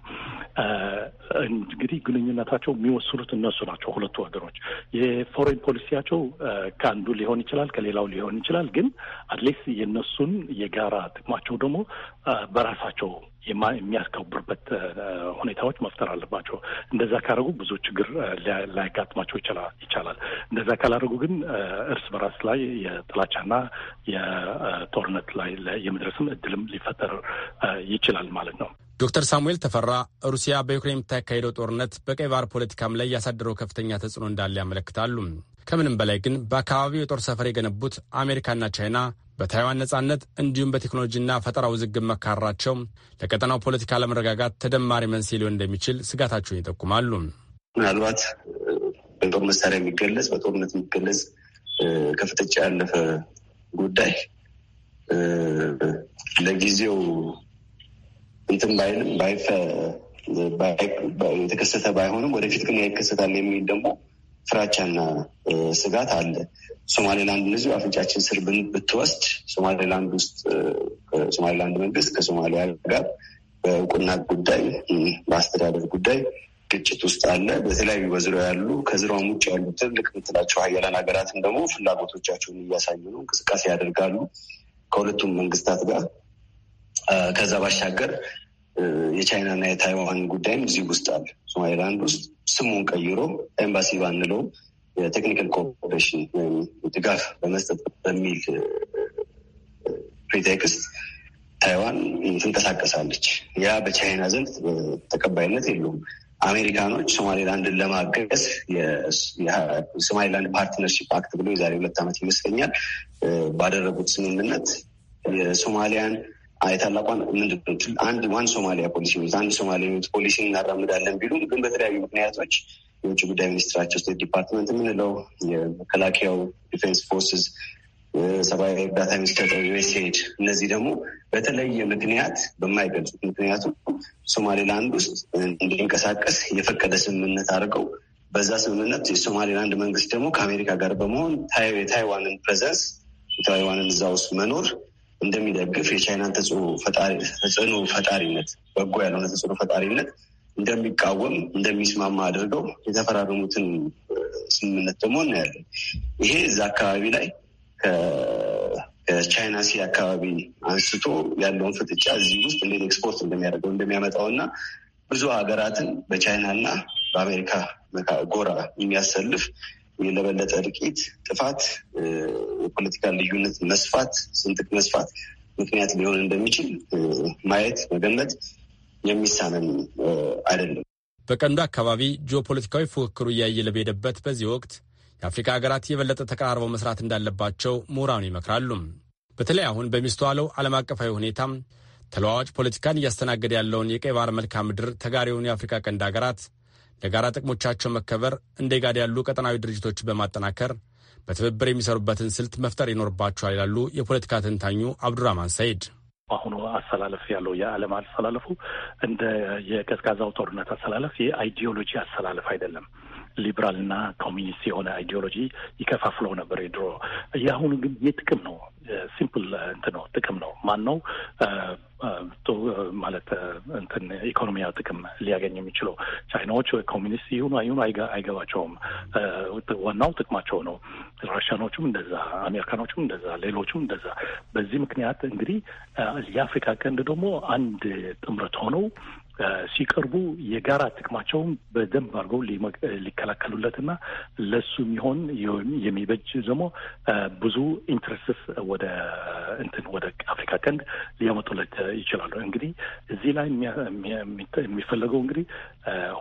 እንግዲህ ግንኙነታቸው የሚወስኑት እነሱ ናቸው ሁለቱ ሀገሮች። የፎሬን ፖሊሲያቸው ከአንዱ ሊሆን ይችላል፣ ከሌላው ሊሆን ይችላል። ግን አትሊስት የነሱ እሱን የጋራ ጥቅማቸው ደግሞ በራሳቸው የሚያስከብሩበት ሁኔታዎች መፍጠር አለባቸው። እንደዛ ካደረጉ ብዙ ችግር ላያጋጥማቸው ይቻላል። እንደዛ ካላደረጉ ግን እርስ በራስ ላይ የጥላቻና የጦርነት ላይ የመድረስም እድልም ሊፈጠር ይችላል ማለት ነው። ዶክተር ሳሙኤል ተፈራ ሩሲያ በዩክሬን የምታካሄደው ጦርነት በቀይ ባህር ፖለቲካም ላይ ያሳደረው ከፍተኛ ተጽዕኖ እንዳለ ያመለክታሉ። ከምንም በላይ ግን በአካባቢው የጦር ሰፈር የገነቡት አሜሪካና ቻይና በታይዋን ነጻነት እንዲሁም በቴክኖሎጂና ፈጠራ ውዝግብ መካረራቸው ለቀጠናው ፖለቲካ አለመረጋጋት ተደማሪ መንስኤ ሊሆን እንደሚችል ስጋታቸውን ይጠቁማሉ። ምናልባት በጦር መሳሪያ የሚገለጽ በጦርነት የሚገለጽ ከፍተጫ ያለፈ ጉዳይ ለጊዜው እንትን ባይልም የተከሰተ ባይሆንም ወደፊት ግን ያይከሰታል የሚል ደግሞ ፍራቻና ስጋት አለ። ሶማሌላንድ እንደዚሁ አፍንጫችን ስር ብትወስድ ሶማሌላንድ ውስጥ ሶማሌላንድ መንግስት ከሶማሊያ ጋር በእውቅና ጉዳይ በአስተዳደር ጉዳይ ግጭት ውስጥ አለ። በተለያዩ በዙሪያው ያሉ ከዙሪያውም ውጭ ያሉ ትልቅ ምትላቸው ሀያላን ሀገራትም ደግሞ ፍላጎቶቻቸውን እያሳዩ ነው፣ እንቅስቃሴ ያደርጋሉ ከሁለቱም መንግስታት ጋር። ከዛ ባሻገር የቻይናና የታይዋን ጉዳይም እዚህ ውስጥ አለ። ሶማሌላንድ ውስጥ ስሙን ቀይሮ ኤምባሲ ባንለው የቴክኒካል ኮኦፕሬሽን ወይም ድጋፍ በመስጠት በሚል ፕሪቴክስት ታይዋን ትንቀሳቀሳለች። ያ በቻይና ዘንድ ተቀባይነት የለውም። አሜሪካኖች ሶማሌላንድን ለማገዝ የሶማሌላንድ ፓርትነርሺፕ አክት ብሎ የዛሬ ሁለት ዓመት ይመስለኛል ባደረጉት ስምምነት የሶማሊያን የታላቋን ምንድነው አንድ ዋን ሶማሊያ ፖሊሲ አንድ ሶማሊያ ፖሊሲ እናራምዳለን ቢሉም ግን በተለያዩ ምክንያቶች የውጭ ጉዳይ ሚኒስትራቸው ስቴት ዲፓርትመንት የምንለው የመከላከያው ዲፌንስ ፎርስስ ሰብአዊ እርዳታ የሚሰጠው ዩኤስኤድ እነዚህ ደግሞ በተለየ ምክንያት በማይገልጹት ምክንያቱ ሶማሌላንድ ውስጥ እንዲንቀሳቀስ የፈቀደ ስምምነት አድርገው በዛ ስምምነት የሶማሌላንድ መንግስት ደግሞ ከአሜሪካ ጋር በመሆን የታይዋንን ፕሬዘንስ የታይዋንን እዛ ውስጥ መኖር እንደሚደግፍ የቻይናን ተጽዕኖ ፈጣሪነት በጎ ያልሆነ ተጽዕኖ ፈጣሪነት እንደሚቃወም እንደሚስማማ አድርገው የተፈራረሙትን ስምምነት ደግሞ እናያለን። ይሄ እዛ አካባቢ ላይ ከቻይና ሲ አካባቢ አንስቶ ያለውን ፍጥጫ እዚህ ውስጥ እንዴት ኤክስፖርት እንደሚያደርገው እንደሚያመጣው እና ብዙ ሀገራትን በቻይና እና በአሜሪካ ጎራ የሚያሰልፍ የለበለጠ ርቂት ጥፋት፣ የፖለቲካ ልዩነት መስፋት፣ ስንጥቅ መስፋት ምክንያት ሊሆን እንደሚችል ማየት መገመት የሚሳነን አይደለም። በቀንዱ አካባቢ ጂኦፖለቲካዊ ፉክክሩ እያየለ በሄደበት በዚህ ወቅት የአፍሪካ ሀገራት የበለጠ ተቀራርበው መስራት እንዳለባቸው ምሁራኑ ይመክራሉ። በተለይ አሁን በሚስተዋለው ዓለም አቀፋዊ ሁኔታ ተለዋዋጭ ፖለቲካን እያስተናገደ ያለውን የቀይ ባህር መልክዓ ምድር ተጋሪውን የአፍሪካ ቀንድ ሀገራት ለጋራ ጥቅሞቻቸው መከበር እንደ ኢጋድ ያሉ ቀጠናዊ ድርጅቶች በማጠናከር በትብብር የሚሰሩበትን ስልት መፍጠር ይኖርባቸዋል ይላሉ የፖለቲካ ተንታኙ አብዱራማን ሰይድ። አሁኑ አሰላለፍ ያለው የዓለም አሰላለፉ እንደ የቀዝቃዛው ጦርነት አሰላለፍ የአይዲዮሎጂ አሰላለፍ አይደለም። ሊብራልና ኮሚኒስት የሆነ አይዲዮሎጂ ይከፋፍለው ነበር የድሮ። የአሁኑ ግን የጥቅም ነው፣ ሲምፕል እንትን ነው፣ ጥቅም ነው። ማን ነው ማለት እንትን ኢኮኖሚያዊ ጥቅም ሊያገኝ የሚችለው? ቻይናዎች ኮሚኒስት ይሁኑ አይሁኑ አይገባቸውም። ዋናው ጥቅማቸው ነው። ራሽያኖቹም እንደዛ፣ አሜሪካኖቹም እንደዛ፣ ሌሎቹም እንደዛ። በዚህ ምክንያት እንግዲህ የአፍሪካ ቀንድ ደግሞ አንድ ጥምረት ሆነው ሲቀርቡ የጋራ ጥቅማቸውን በደንብ አድርገው ሊከላከሉለትና ለሱ የሚሆን የሚበጅ ደግሞ ብዙ ኢንትረስትስ ወደ እንትን ወደ አፍሪካ ቀንድ ሊያመጡለት ይችላሉ። እንግዲህ እዚህ ላይ የሚፈለገው እንግዲህ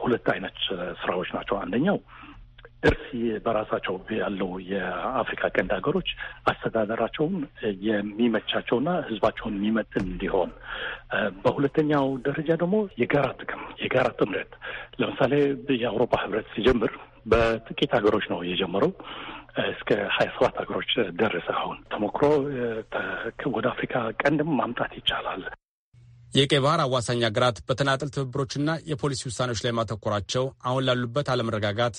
ሁለት አይነት ስራዎች ናቸው። አንደኛው እርስ በራሳቸው ያለው የአፍሪካ ቀንድ ሀገሮች አስተዳደራቸውን የሚመቻቸውና ህዝባቸውን የሚመጥን እንዲሆን፣ በሁለተኛው ደረጃ ደግሞ የጋራ ጥቅም፣ የጋራ ጥምረት። ለምሳሌ የአውሮፓ ህብረት ሲጀምር በጥቂት ሀገሮች ነው የጀመረው። እስከ ሀያ ሰባት ሀገሮች ደረሰ። አሁን ተሞክሮ ወደ አፍሪካ ቀንድም ማምጣት ይቻላል። የቀይ ባህር አዋሳኝ ሀገራት በተናጠል ትብብሮችና የፖሊሲ ውሳኔዎች ላይ ማተኮራቸው አሁን ላሉበት አለመረጋጋት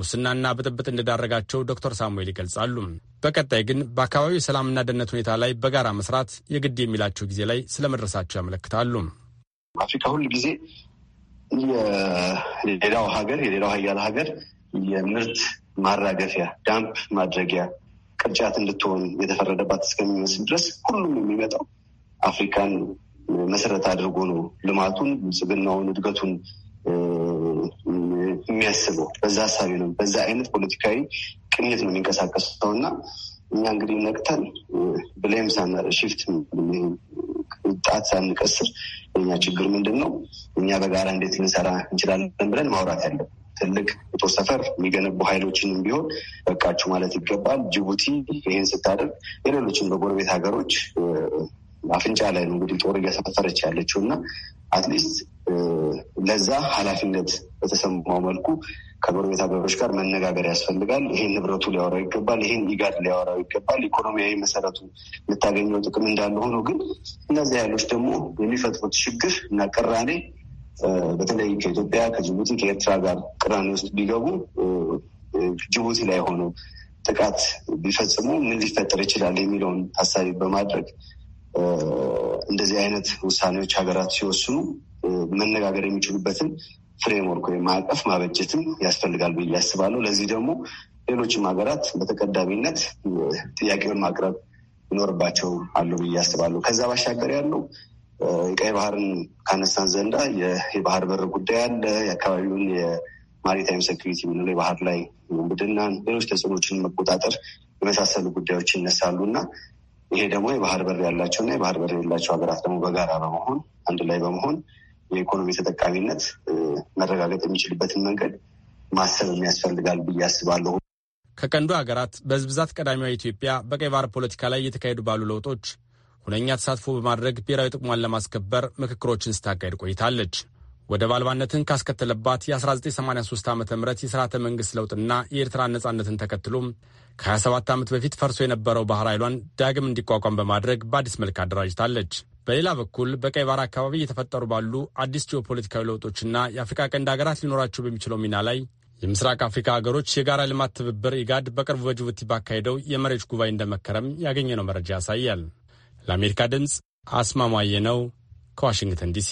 ሙስናና ብጥብጥ እንደዳረጋቸው ዶክተር ሳሙኤል ይገልጻሉ። በቀጣይ ግን በአካባቢው የሰላምና ደህንነት ሁኔታ ላይ በጋራ መስራት የግድ የሚላቸው ጊዜ ላይ ስለመድረሳቸው ያመለክታሉ። አፍሪካ ሁል ጊዜ የሌላው ሀገር የሌላው ሀያል ሀገር የምርት ማራገፊያ ዳምፕ ማድረጊያ ቅርጫት እንድትሆን የተፈረደባት እስከሚመስል ድረስ ሁሉም የሚመጣው አፍሪካን መሰረት አድርጎ ነው ልማቱን፣ ብልጽግናውን፣ እድገቱን የሚያስበው በዛ ሀሳቢ ነው። በዛ አይነት ፖለቲካዊ ቅኝት ነው የሚንቀሳቀሰው እና እኛ እንግዲህ ነቅተን ብሌም ሳና ሽፍት ጣት ሳንቀስር የኛ ችግር ምንድን ነው፣ እኛ በጋራ እንዴት ልንሰራ እንችላለን ብለን ማውራት ያለው ትልቅ ጦር ሰፈር የሚገነቡ ኃይሎችንም ቢሆን በቃችሁ ማለት ይገባል። ጅቡቲ ይህን ስታደርግ የሌሎችን በጎረቤት ሀገሮች አፍንጫ ላይ ነው እንግዲህ ጦር እያሰፈረች ያለችው እና አትሊስት ለዛ ኃላፊነት በተሰማው መልኩ ከጎረቤት ሀገሮች ጋር መነጋገር ያስፈልጋል። ይሄን ንብረቱ ሊያወራው ይገባል። ይሄን ኢጋድ ሊያወራው ይገባል። ኢኮኖሚያዊ መሰረቱ የምታገኘው ጥቅም እንዳለ ሆኖ ግን እነዚህ ኃይሎች ደግሞ የሚፈጥሩት ችግር እና ቅራኔ በተለይ ከኢትዮጵያ ከጅቡቲ፣ ከኤርትራ ጋር ቅራኔ ውስጥ ቢገቡ ጅቡቲ ላይ ሆነው ጥቃት ቢፈጽሙ ምን ሊፈጠር ይችላል የሚለውን ታሳቢ በማድረግ እንደዚህ አይነት ውሳኔዎች ሀገራት ሲወስኑ መነጋገር የሚችሉበትን ፍሬምወርክ ወይም ማዕቀፍ ማበጀትም ያስፈልጋል ብዬ አስባለሁ። ለዚህ ደግሞ ሌሎችም ሀገራት በተቀዳሚነት ጥያቄውን ማቅረብ ይኖርባቸው አሉ ብዬ አስባለሁ። ከዛ ባሻገር ያለው የቀይ ባህርን ካነሳን ዘንዳ የባህር በር ጉዳይ አለ። የአካባቢውን የማሪታይም ሴኩሪቲ የምንለው የባህር ላይ ውንብድናን፣ ሌሎች ተጽዕኖችን መቆጣጠር የመሳሰሉ ጉዳዮች ይነሳሉ እና ይሄ ደግሞ የባህር በር ያላቸው እና የባህር በር የሌላቸው ሀገራት ደግሞ በጋራ በመሆን አንድ ላይ በመሆን የኢኮኖሚ ተጠቃሚነት መረጋገጥ የሚችልበትን መንገድ ማሰብ የሚያስፈልጋል ብዬ አስባለሁ። ከቀንዱ ሀገራት በህዝብ ብዛት ቀዳሚዋ ኢትዮጵያ በቀይ ባህር ፖለቲካ ላይ እየተካሄዱ ባሉ ለውጦች ሁነኛ ተሳትፎ በማድረግ ብሔራዊ ጥቅሟን ለማስከበር ምክክሮችን ስታካሄድ ቆይታለች። ወደብ አልባነትን ካስከተለባት የ1983 ዓ ም የሥርዓተ መንግሥት ለውጥና የኤርትራ ነጻነትን ተከትሎም ከ27 ዓመት በፊት ፈርሶ የነበረው ባህር ኃይሏን ዳግም እንዲቋቋም በማድረግ በአዲስ መልክ አደራጅታለች። በሌላ በኩል በቀይ ባህር አካባቢ እየተፈጠሩ ባሉ አዲስ ጂኦፖለቲካዊ ለውጦችና የአፍሪካ ቀንድ ሀገራት ሊኖራቸው በሚችለው ሚና ላይ የምስራቅ አፍሪካ ሀገሮች የጋራ ልማት ትብብር ኢጋድ በቅርቡ በጅቡቲ ባካሄደው የመሪዎች ጉባኤ እንደመከረም ያገኘነው መረጃ ያሳያል። ለአሜሪካ ድምፅ አስማማየ ነው ከዋሽንግተን ዲሲ።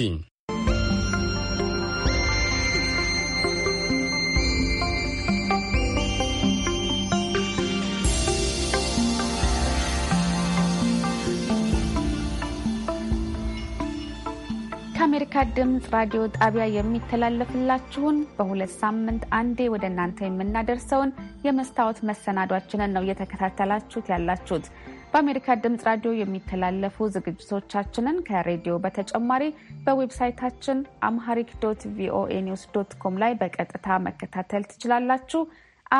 ከአሜሪካ ድምፅ ራዲዮ ጣቢያ የሚተላለፍላችሁን በሁለት ሳምንት አንዴ ወደ እናንተ የምናደርሰውን የመስታወት መሰናዷችንን ነው እየተከታተላችሁት ያላችሁት። በአሜሪካ ድምፅ ራዲዮ የሚተላለፉ ዝግጅቶቻችንን ከሬዲዮ በተጨማሪ በዌብሳይታችን አምሃሪክ ዶት ቪኦኤ ኒውስ ዶት ኮም ላይ በቀጥታ መከታተል ትችላላችሁ።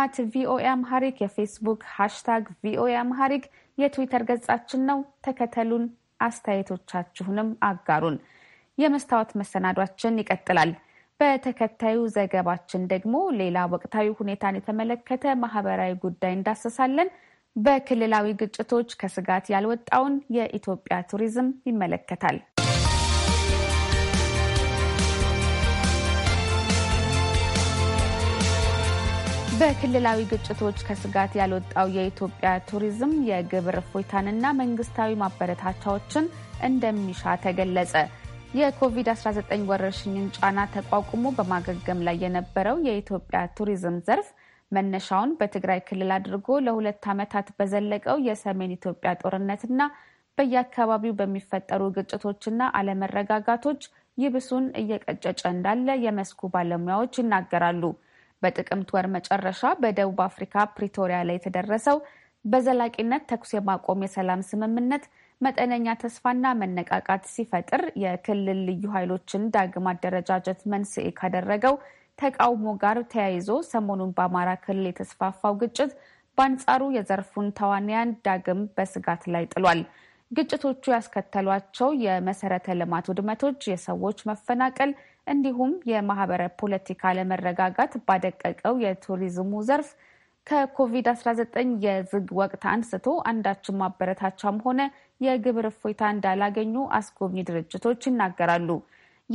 አት ቪኦኤ አምሃሪክ የፌስቡክ ሃሽታግ ቪኦኤ አምሃሪክ የትዊተር ገጻችን ነው። ተከተሉን፣ አስተያየቶቻችሁንም አጋሩን። የመስታወት መሰናዷችን ይቀጥላል። በተከታዩ ዘገባችን ደግሞ ሌላ ወቅታዊ ሁኔታን የተመለከተ ማህበራዊ ጉዳይ እንዳሰሳለን። በክልላዊ ግጭቶች ከስጋት ያልወጣውን የኢትዮጵያ ቱሪዝም ይመለከታል። በክልላዊ ግጭቶች ከስጋት ያልወጣው የኢትዮጵያ ቱሪዝም የግብር እፎይታንና መንግስታዊ ማበረታቻዎችን እንደሚሻ ተገለጸ። የኮቪድ-19 ወረርሽኝን ጫና ተቋቁሞ በማገገም ላይ የነበረው የኢትዮጵያ ቱሪዝም ዘርፍ መነሻውን በትግራይ ክልል አድርጎ ለሁለት ዓመታት በዘለቀው የሰሜን ኢትዮጵያ ጦርነትና በየአካባቢው በሚፈጠሩ ግጭቶችና አለመረጋጋቶች ይብሱን እየቀጨጨ እንዳለ የመስኩ ባለሙያዎች ይናገራሉ። በጥቅምት ወር መጨረሻ በደቡብ አፍሪካ ፕሪቶሪያ ላይ የተደረሰው በዘላቂነት ተኩስ የማቆም የሰላም ስምምነት መጠነኛ ተስፋና መነቃቃት ሲፈጥር የክልል ልዩ ኃይሎችን ዳግም አደረጃጀት መንስኤ ካደረገው ተቃውሞ ጋር ተያይዞ ሰሞኑን በአማራ ክልል የተስፋፋው ግጭት በአንጻሩ የዘርፉን ተዋንያን ዳግም በስጋት ላይ ጥሏል። ግጭቶቹ ያስከተሏቸው የመሰረተ ልማት ውድመቶች፣ የሰዎች መፈናቀል እንዲሁም የማህበረ ፖለቲካ አለመረጋጋት ባደቀቀው የቱሪዝሙ ዘርፍ ከኮቪድ-19 የዝግ ወቅት አንስቶ አንዳችን ማበረታቻም ሆነ የግብር እፎይታ እንዳላገኙ አስጎብኝ ድርጅቶች ይናገራሉ።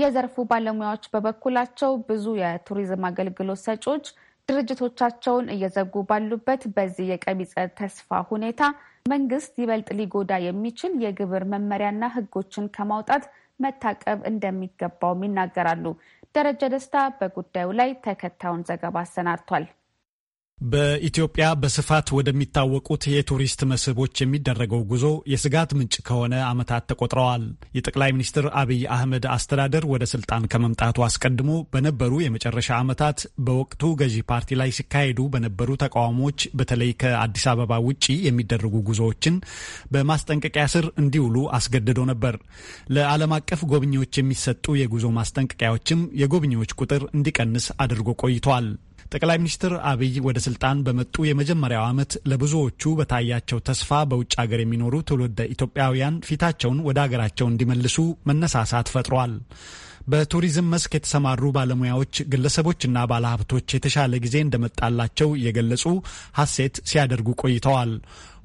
የዘርፉ ባለሙያዎች በበኩላቸው ብዙ የቱሪዝም አገልግሎት ሰጪዎች ድርጅቶቻቸውን እየዘጉ ባሉበት በዚህ የቀቢጸ ተስፋ ሁኔታ መንግስት ይበልጥ ሊጎዳ የሚችል የግብር መመሪያና ሕጎችን ከማውጣት መታቀብ እንደሚገባውም ይናገራሉ። ደረጀ ደስታ በጉዳዩ ላይ ተከታዩን ዘገባ አሰናድቷል። በኢትዮጵያ በስፋት ወደሚታወቁት የቱሪስት መስህቦች የሚደረገው ጉዞ የስጋት ምንጭ ከሆነ ዓመታት ተቆጥረዋል። የጠቅላይ ሚኒስትር አብይ አህመድ አስተዳደር ወደ ስልጣን ከመምጣቱ አስቀድሞ በነበሩ የመጨረሻ ዓመታት በወቅቱ ገዢ ፓርቲ ላይ ሲካሄዱ በነበሩ ተቃውሞዎች በተለይ ከአዲስ አበባ ውጪ የሚደረጉ ጉዞዎችን በማስጠንቀቂያ ስር እንዲውሉ አስገድዶ ነበር። ለዓለም አቀፍ ጎብኚዎች የሚሰጡ የጉዞ ማስጠንቀቂያዎችም የጎብኚዎች ቁጥር እንዲቀንስ አድርጎ ቆይቷል። ጠቅላይ ሚኒስትር አብይ ወደ ስልጣን በመጡ የመጀመሪያው ዓመት ለብዙዎቹ በታያቸው ተስፋ በውጭ ሀገር የሚኖሩ ትውልደ ኢትዮጵያውያን ፊታቸውን ወደ ሀገራቸው እንዲመልሱ መነሳሳት ፈጥሯል። በቱሪዝም መስክ የተሰማሩ ባለሙያዎች፣ ግለሰቦችና ባለሀብቶች የተሻለ ጊዜ እንደመጣላቸው እየገለጹ ሀሴት ሲያደርጉ ቆይተዋል።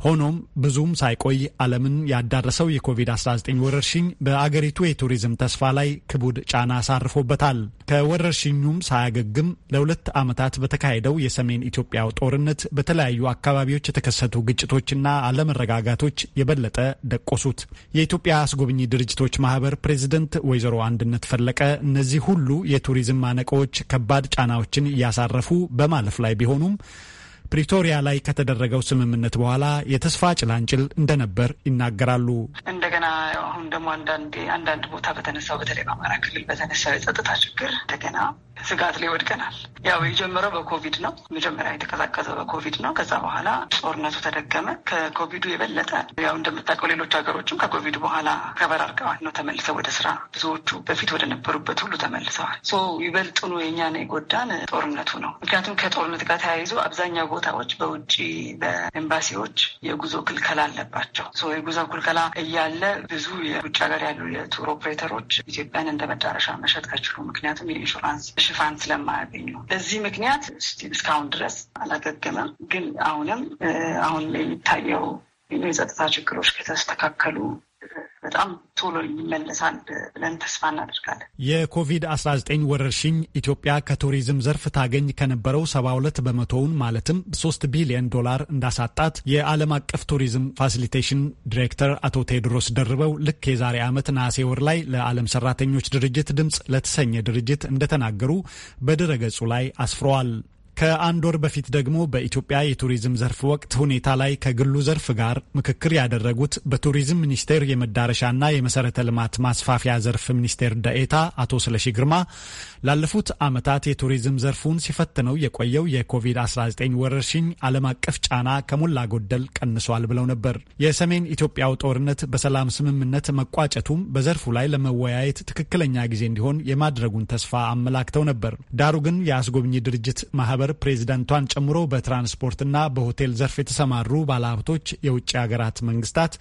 ሆኖም ብዙም ሳይቆይ ዓለምን ያዳረሰው የኮቪድ-19 ወረርሽኝ በአገሪቱ የቱሪዝም ተስፋ ላይ ክቡድ ጫና አሳርፎበታል። ከወረርሽኙም ሳያገግም ለሁለት ዓመታት በተካሄደው የሰሜን ኢትዮጵያው ጦርነት በተለያዩ አካባቢዎች የተከሰቱ ግጭቶችና አለመረጋጋቶች የበለጠ ደቆሱት። የኢትዮጵያ አስጎብኚ ድርጅቶች ማህበር ፕሬዝደንት ወይዘሮ አንድነት ፈለቀ እነዚህ ሁሉ የቱሪዝም ማነቆዎች ከባድ ጫናዎችን እያሳረፉ በማለፍ ላይ ቢሆኑም ፕሪቶሪያ ላይ ከተደረገው ስምምነት በኋላ የተስፋ ጭላንጭል እንደነበር ይናገራሉ። እንደገና አሁን ደግሞ አንዳንድ ቦታ በተነሳው በተለይ በአማራ ክልል በተነሳው የጸጥታ ችግር እንደገና ስጋት ላይ ወድቀናል። ያው የጀመረው በኮቪድ ነው። መጀመሪያ የተቀዛቀዘው በኮቪድ ነው። ከዛ በኋላ ጦርነቱ ተደገመ። ከኮቪዱ የበለጠ ያው እንደምታውቀው ሌሎች ሀገሮችም ከኮቪድ በኋላ አርቀዋል ነው ተመልሰው ወደ ስራ ብዙዎቹ በፊት ወደ ነበሩበት ሁሉ ተመልሰዋል። ይበልጡኑ የእኛን የጎዳን ጦርነቱ ነው። ምክንያቱም ከጦርነት ጋር ተያይዞ አብዛኛው ቦታዎች በውጭ በኤምባሲዎች የጉዞ ክልከላ አለባቸው። የጉዞ ክልከላ እያለ ብዙ የውጭ ሀገር ያሉ የቱር ኦፕሬተሮች ኢትዮጵያን እንደ መዳረሻ መሸጥ አይችሉም። ምክንያቱም የኢንሹራንስ ሽፋን ስለማያገኙ በዚህ ምክንያት እስካሁን ድረስ አላገገመም። ግን አሁንም አሁን የሚታየው የጸጥታ ችግሮች ከተስተካከሉ በጣም ቶሎ ይመለሳል ብለን ተስፋ እናደርጋለን። የኮቪድ አስራ ዘጠኝ ወረርሽኝ ኢትዮጵያ ከቱሪዝም ዘርፍ ታገኝ ከነበረው ሰባ ሁለት በመቶውን ማለትም ሶስት ቢሊዮን ዶላር እንዳሳጣት የዓለም አቀፍ ቱሪዝም ፋሲሊቴሽን ዲሬክተር አቶ ቴዎድሮስ ደርበው ልክ የዛሬ ዓመት ነሐሴ ወር ላይ ለዓለም ሰራተኞች ድርጅት ድምፅ ለተሰኘ ድርጅት እንደተናገሩ በድረ ገጹ ላይ አስፍረዋል። ከአንድ ወር በፊት ደግሞ በኢትዮጵያ የቱሪዝም ዘርፍ ወቅት ሁኔታ ላይ ከግሉ ዘርፍ ጋር ምክክር ያደረጉት በቱሪዝም ሚኒስቴር የመዳረሻና የመሰረተ ልማት ማስፋፊያ ዘርፍ ሚኒስቴር ደኤታ አቶ ስለሺ ግርማ ላለፉት ዓመታት የቱሪዝም ዘርፉን ሲፈትነው የቆየው የኮቪድ-19 ወረርሽኝ ዓለም አቀፍ ጫና ከሞላ ጎደል ቀንሷል ብለው ነበር። የሰሜን ኢትዮጵያው ጦርነት በሰላም ስምምነት መቋጨቱም በዘርፉ ላይ ለመወያየት ትክክለኛ ጊዜ እንዲሆን የማድረጉን ተስፋ አመላክተው ነበር። ዳሩ ግን የአስጎብኚ ድርጅት ማህበር ፕሬዚደንቷን ጨምሮ በትራንስፖርትና በሆቴል ዘርፍ የተሰማሩ ባለሀብቶች የውጭ ሀገራት መንግስታት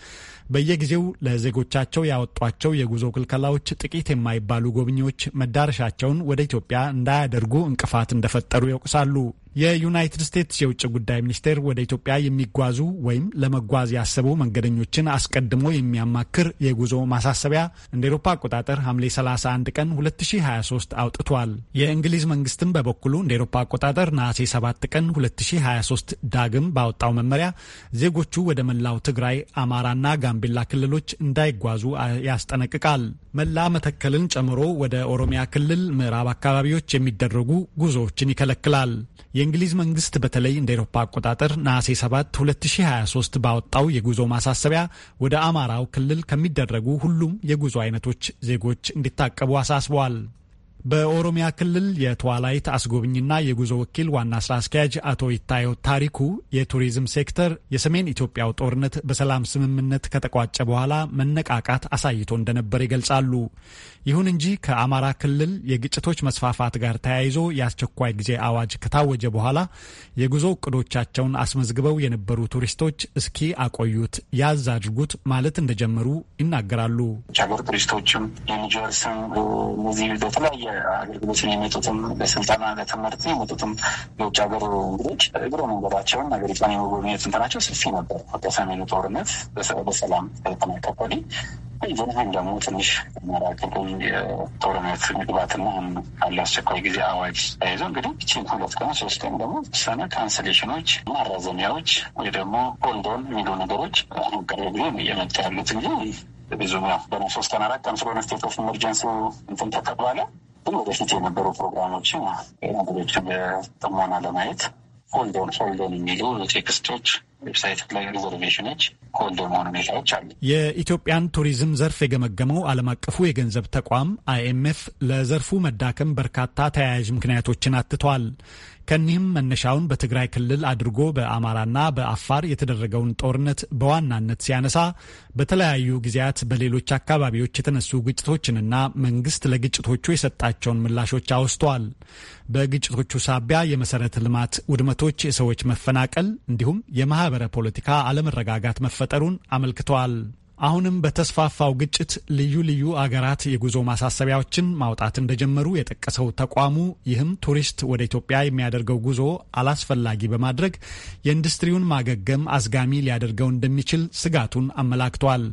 በየጊዜው ለዜጎቻቸው ያወጧቸው የጉዞ ክልከላዎች ጥቂት የማይባሉ ጎብኚዎች መዳረሻቸውን ወደ ኢትዮጵያ እንዳያደርጉ እንቅፋት እንደፈጠሩ ይወቅሳሉ። የዩናይትድ ስቴትስ የውጭ ጉዳይ ሚኒስቴር ወደ ኢትዮጵያ የሚጓዙ ወይም ለመጓዝ ያሰቡ መንገደኞችን አስቀድሞ የሚያማክር የጉዞ ማሳሰቢያ እንደ ኤሮፓ አቆጣጠር ሐምሌ 31 ቀን 2023 አውጥቷል። የእንግሊዝ መንግስትም በበኩሉ እንደ ኤሮፓ አቆጣጠር ነሐሴ 7 ቀን 2023 ዳግም ባወጣው መመሪያ ዜጎቹ ወደ መላው ትግራይ፣ አማራና ጋምቤላ ክልሎች እንዳይጓዙ ያስጠነቅቃል። መላ መተከልን ጨምሮ ወደ ኦሮሚያ ክልል ምዕራብ አካባቢዎች የሚደረጉ ጉዞዎችን ይከለክላል። የእንግሊዝ መንግስት በተለይ እንደ ኤሮፓ አቆጣጠር ነሐሴ 7 2023 ባወጣው የጉዞ ማሳሰቢያ ወደ አማራው ክልል ከሚደረጉ ሁሉም የጉዞ አይነቶች ዜጎች እንዲታቀቡ አሳስበዋል። በኦሮሚያ ክልል የትዋላይት አስጎብኝና የጉዞ ወኪል ዋና ስራ አስኪያጅ አቶ ይታየው ታሪኩ የቱሪዝም ሴክተር የሰሜን ኢትዮጵያው ጦርነት በሰላም ስምምነት ከተቋጨ በኋላ መነቃቃት አሳይቶ እንደነበር ይገልጻሉ። ይሁን እንጂ ከአማራ ክልል የግጭቶች መስፋፋት ጋር ተያይዞ የአስቸኳይ ጊዜ አዋጅ ከታወጀ በኋላ የጉዞ እቅዶቻቸውን አስመዝግበው የነበሩ ቱሪስቶች እስኪ አቆዩት፣ ያዝ አድርጉት ማለት እንደጀመሩ ይናገራሉ። ሀገር ቱሪስቶችም የኒጀርስም እነዚህ በተለያየ አገልግሎትን የመጡትም በስልጠና ለትምህርት የመጡትም የውጭ ሀገር እንግዶች እግሮ መንገዳቸውን ሀገሪቷን የመጎብኘት እንትናቸው ሰፊ ነበር። ከሰሜኑ ጦርነት በሰላም ተጠናቀቀ ዝርዝር ደግሞ ትንሽ አማራ ክልል ጦርነት መግባትና አለ አስቸኳይ ጊዜ አዋጅ ተይዞ እንግዲህ ችን ሁለት ቀን ሶስት ቀን ደግሞ ሰነ ካንስሌሽኖች፣ ማራዘሚያዎች ወይ ደግሞ ሆልዶን የሚሉ ነገሮች አሁን ቅርብ ጊዜ እየመጣ ያሉት እንጂ ብዙ በነ ሶስት ቀን አራት ቀን ስለሆነ ስቴት ኦፍ ኤመርጀንሲ እንትን ተቀባለ። ግን ወደፊት የነበሩ ፕሮግራሞችን ነገሮችን በጥሞና ለማየት ኮንዶም ሶልዶም የሚሉ ቴክስቶች ዌብሳይት ላይ ሪዘርቬሽኖች ኮንዶም ሆኑ ሁኔታዎች አሉ። የኢትዮጵያን ቱሪዝም ዘርፍ የገመገመው ዓለም አቀፉ የገንዘብ ተቋም አይኤምኤፍ ለዘርፉ መዳከም በርካታ ተያያዥ ምክንያቶችን አትተዋል። ከኒህም መነሻውን በትግራይ ክልል አድርጎ በአማራና በአፋር የተደረገውን ጦርነት በዋናነት ሲያነሳ በተለያዩ ጊዜያት በሌሎች አካባቢዎች የተነሱ ግጭቶችንና መንግስት ለግጭቶቹ የሰጣቸውን ምላሾች አውስተዋል። በግጭቶቹ ሳቢያ የመሰረተ ልማት ውድመቶች፣ የሰዎች መፈናቀል እንዲሁም የማህበረ ፖለቲካ አለመረጋጋት መፈጠሩን አመልክተዋል። አሁንም በተስፋፋው ግጭት ልዩ ልዩ አገራት የጉዞ ማሳሰቢያዎችን ማውጣት እንደጀመሩ የጠቀሰው ተቋሙ ይህም ቱሪስት ወደ ኢትዮጵያ የሚያደርገው ጉዞ አላስፈላጊ በማድረግ የኢንዱስትሪውን ማገገም አዝጋሚ ሊያደርገው እንደሚችል ስጋቱን አመላክቷል።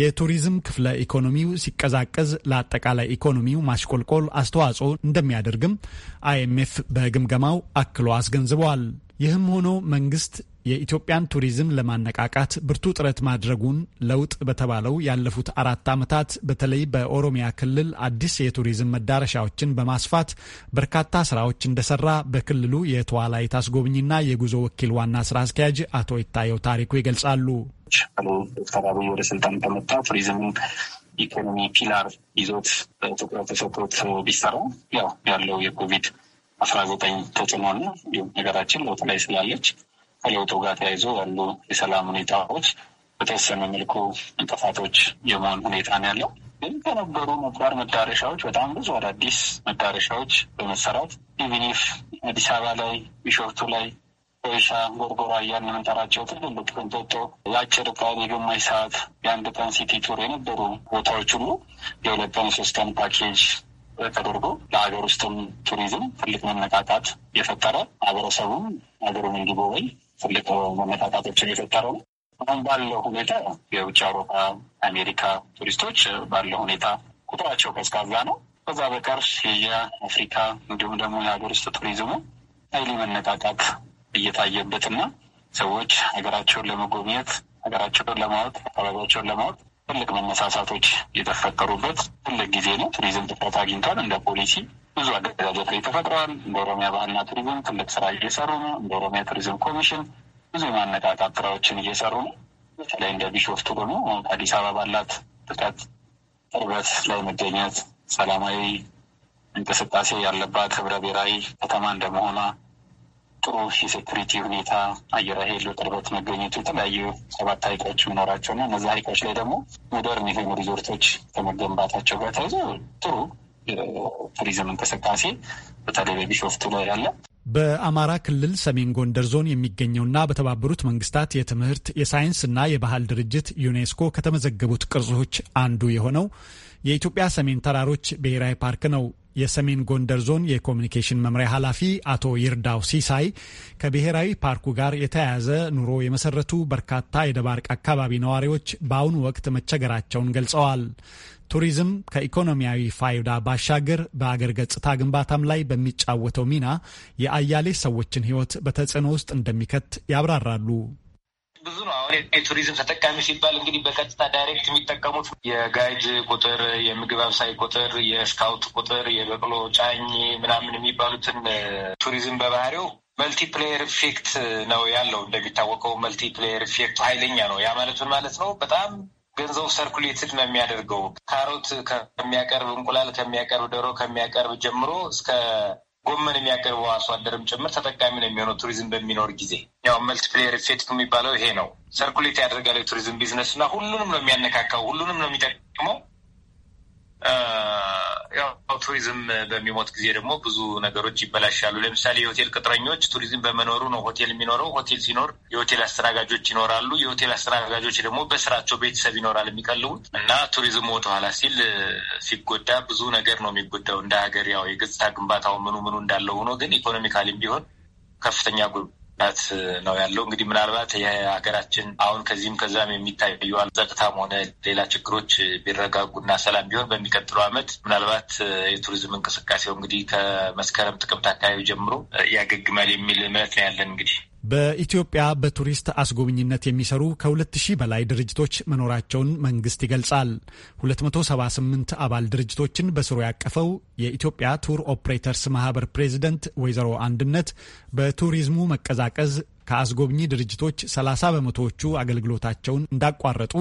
የቱሪዝም ክፍለ ኢኮኖሚው ሲቀዛቀዝ ለአጠቃላይ ኢኮኖሚው ማሽቆልቆል አስተዋጽኦ እንደሚያደርግም አይኤምኤፍ በግምገማው አክሎ አስገንዝበዋል። ይህም ሆኖ መንግስት የኢትዮጵያን ቱሪዝም ለማነቃቃት ብርቱ ጥረት ማድረጉን ለውጥ በተባለው ያለፉት አራት ዓመታት በተለይ በኦሮሚያ ክልል አዲስ የቱሪዝም መዳረሻዎችን በማስፋት በርካታ ስራዎች እንደሰራ በክልሉ የተዋላይት አስጎብኝና የጉዞ ወኪል ዋና ስራ አስኪያጅ አቶ ይታየው ታሪኩ ይገልጻሉ። ወደ ስልጣን በመጣ ቱሪዝም ኢኮኖሚ ፒላር ይዞት ትኩረት ተሰጥቶት ቢሰራው ያው ያለው የኮቪድ አስራ ዘጠኝ ተጽዕኖና ነገራችን ለውጥ ላይ ስላለች ከለውጡ ጋር ተያይዞ ያሉ የሰላም ሁኔታዎች በተወሰነ መልኩ እንቅፋቶች የመሆን ሁኔታ ነው ያለው። ግን ከነበሩ ነባር መዳረሻዎች በጣም ብዙ አዳዲስ መዳረሻዎች በመሰራት ኢቪኒፍ አዲስ አበባ ላይ ቢሾፍቱ ላይ ሻ ጎርጎራ እያልን የምንጠራቸው ትልልቅ እንጦጦ የአጭር ቀን የግማሽ ሰዓት የአንድ ቀን ሲቲ ቱር የነበሩ ቦታዎች ሁሉ የሁለት ቀን ሶስት ቀን ፓኬጅ ተደርጎ ለሀገር ውስጥም ቱሪዝም ትልቅ መነቃቃት የፈጠረ ማህበረሰቡም ሀገሩን እንዲጎበኝ ትልቅ መነቃቃቶችን የፈጠረ ነው። አሁን ባለው ሁኔታ የውጭ አውሮፓ፣ አሜሪካ ቱሪስቶች ባለው ሁኔታ ቁጥራቸው ቀዝቃዛ ነው። ከዛ በቀር የአፍሪካ እንዲሁም ደግሞ የሀገር ውስጥ ቱሪዝሙ ኃይሌ መነቃቃት እየታየበትና ሰዎች ሀገራቸውን ለመጎብኘት ሀገራቸውን ለማወቅ አካባቢያቸውን ለማወቅ ትልቅ መነሳሳቶች የተፈጠሩበት ትልቅ ጊዜ ነው። ቱሪዝም ትኩረት አግኝቷል። እንደ ፖሊሲ ብዙ አደረጃጀት ላይ ተፈጥረዋል። እንደ ኦሮሚያ ባህልና ቱሪዝም ትልቅ ስራ እየሰሩ ነው። እንደ ኦሮሚያ ቱሪዝም ኮሚሽን ብዙ የማነቃቃት ስራዎችን እየሰሩ ነው። በተለይ እንደ ቢሾፍቱ ደግሞ አዲስ አበባ ባላት ጥቀት ቅርበት ላይ መገኘት ሰላማዊ እንቅስቃሴ ያለባት ህብረ ብሔራዊ ከተማ እንደመሆኗ ጥሩ የሴኩሪቲ ሁኔታ አየር ኃይል ቅርበት መገኘቱ የተለያዩ ሰባት ሀይቆች መኖራቸው እና እነዚህ ሀይቆች ላይ ደግሞ ሞደርን የሆኑ ሪዞርቶች ከመገንባታቸው ጋር ተይዞ ጥሩ ቱሪዝም እንቅስቃሴ በተለይ በቢሾፍቱ ላይ ያለ በአማራ ክልል ሰሜን ጎንደር ዞን የሚገኘውና በተባበሩት መንግስታት የትምህርት የሳይንስና የባህል ድርጅት ዩኔስኮ ከተመዘገቡት ቅርሶች አንዱ የሆነው የኢትዮጵያ ሰሜን ተራሮች ብሔራዊ ፓርክ ነው። የሰሜን ጎንደር ዞን የኮሚኒኬሽን መምሪያ ኃላፊ አቶ ይርዳው ሲሳይ ከብሔራዊ ፓርኩ ጋር የተያያዘ ኑሮ የመሰረቱ በርካታ የደባርቅ አካባቢ ነዋሪዎች በአሁኑ ወቅት መቸገራቸውን ገልጸዋል። ቱሪዝም ከኢኮኖሚያዊ ፋይዳ ባሻገር በአገር ገጽታ ግንባታም ላይ በሚጫወተው ሚና የአያሌ ሰዎችን ሕይወት በተጽዕኖ ውስጥ እንደሚከት ያብራራሉ። ብዙ ነው። አሁን የቱሪዝም ተጠቃሚ ሲባል እንግዲህ በቀጥታ ዳይሬክት የሚጠቀሙት የጋይድ ቁጥር፣ የምግብ አብሳይ ቁጥር፣ የስካውት ቁጥር፣ የበቅሎ ጫኝ ምናምን የሚባሉትን ቱሪዝም በባህሪው መልቲፕሌየር ኢፌክት ነው ያለው። እንደሚታወቀው መልቲፕሌየር ኢፌክቱ ኃይለኛ ነው። ያ ማለት ምን ማለት ነው? በጣም ገንዘቡ ሰርኩሌትድ ነው የሚያደርገው። ካሮት ከሚያቀርብ፣ እንቁላል ከሚያቀርብ፣ ዶሮ ከሚያቀርብ ጀምሮ እስከ ጎመን የሚያቀርበው አርሶ አደርም ጭምር ተጠቃሚ ነው የሚሆነው ቱሪዝም በሚኖር ጊዜ። ያው መልቲፕሌየር ኢፌክት የሚባለው ይሄ ነው። ሰርኩሌት ያደርጋል የቱሪዝም ቢዝነስ እና ሁሉንም ነው የሚያነካካው፣ ሁሉንም ነው የሚጠቅመው። ያው ቱሪዝም በሚሞት ጊዜ ደግሞ ብዙ ነገሮች ይበላሻሉ። ለምሳሌ የሆቴል ቅጥረኞች ቱሪዝም በመኖሩ ነው ሆቴል የሚኖረው። ሆቴል ሲኖር የሆቴል አስተናጋጆች ይኖራሉ። የሆቴል አስተናጋጆች ደግሞ በስራቸው ቤተሰብ ይኖራል የሚቀልቡት እና ቱሪዝም ወደኋላ ሲል ሲጎዳ ብዙ ነገር ነው የሚጎዳው እንደ ሀገር። ያው የገጽታ ግንባታው ምኑ ምኑ እንዳለው ሆኖ ግን ኢኮኖሚካሊም ቢሆን ከፍተኛ ነት ነው ያለው። እንግዲህ ምናልባት የሀገራችን አሁን ከዚህም ከዛም የሚታዩ ጸጥታም ሆነ ሌላ ችግሮች ቢረጋጉና ሰላም ቢሆን በሚቀጥለው ዓመት ምናልባት የቱሪዝም እንቅስቃሴው እንግዲህ ከመስከረም ጥቅምት አካባቢ ጀምሮ ያገግማል የሚል እምነት ነው ያለን እንግዲህ በኢትዮጵያ በቱሪስት አስጎብኝነት የሚሰሩ ከ2000 በላይ ድርጅቶች መኖራቸውን መንግስት ይገልጻል። 278 አባል ድርጅቶችን በስሩ ያቀፈው የኢትዮጵያ ቱር ኦፕሬተርስ ማህበር ፕሬዚደንት ወይዘሮ አንድነት በቱሪዝሙ መቀዛቀዝ ከአስጎብኚ ድርጅቶች 30 በመቶዎቹ አገልግሎታቸውን እንዳቋረጡ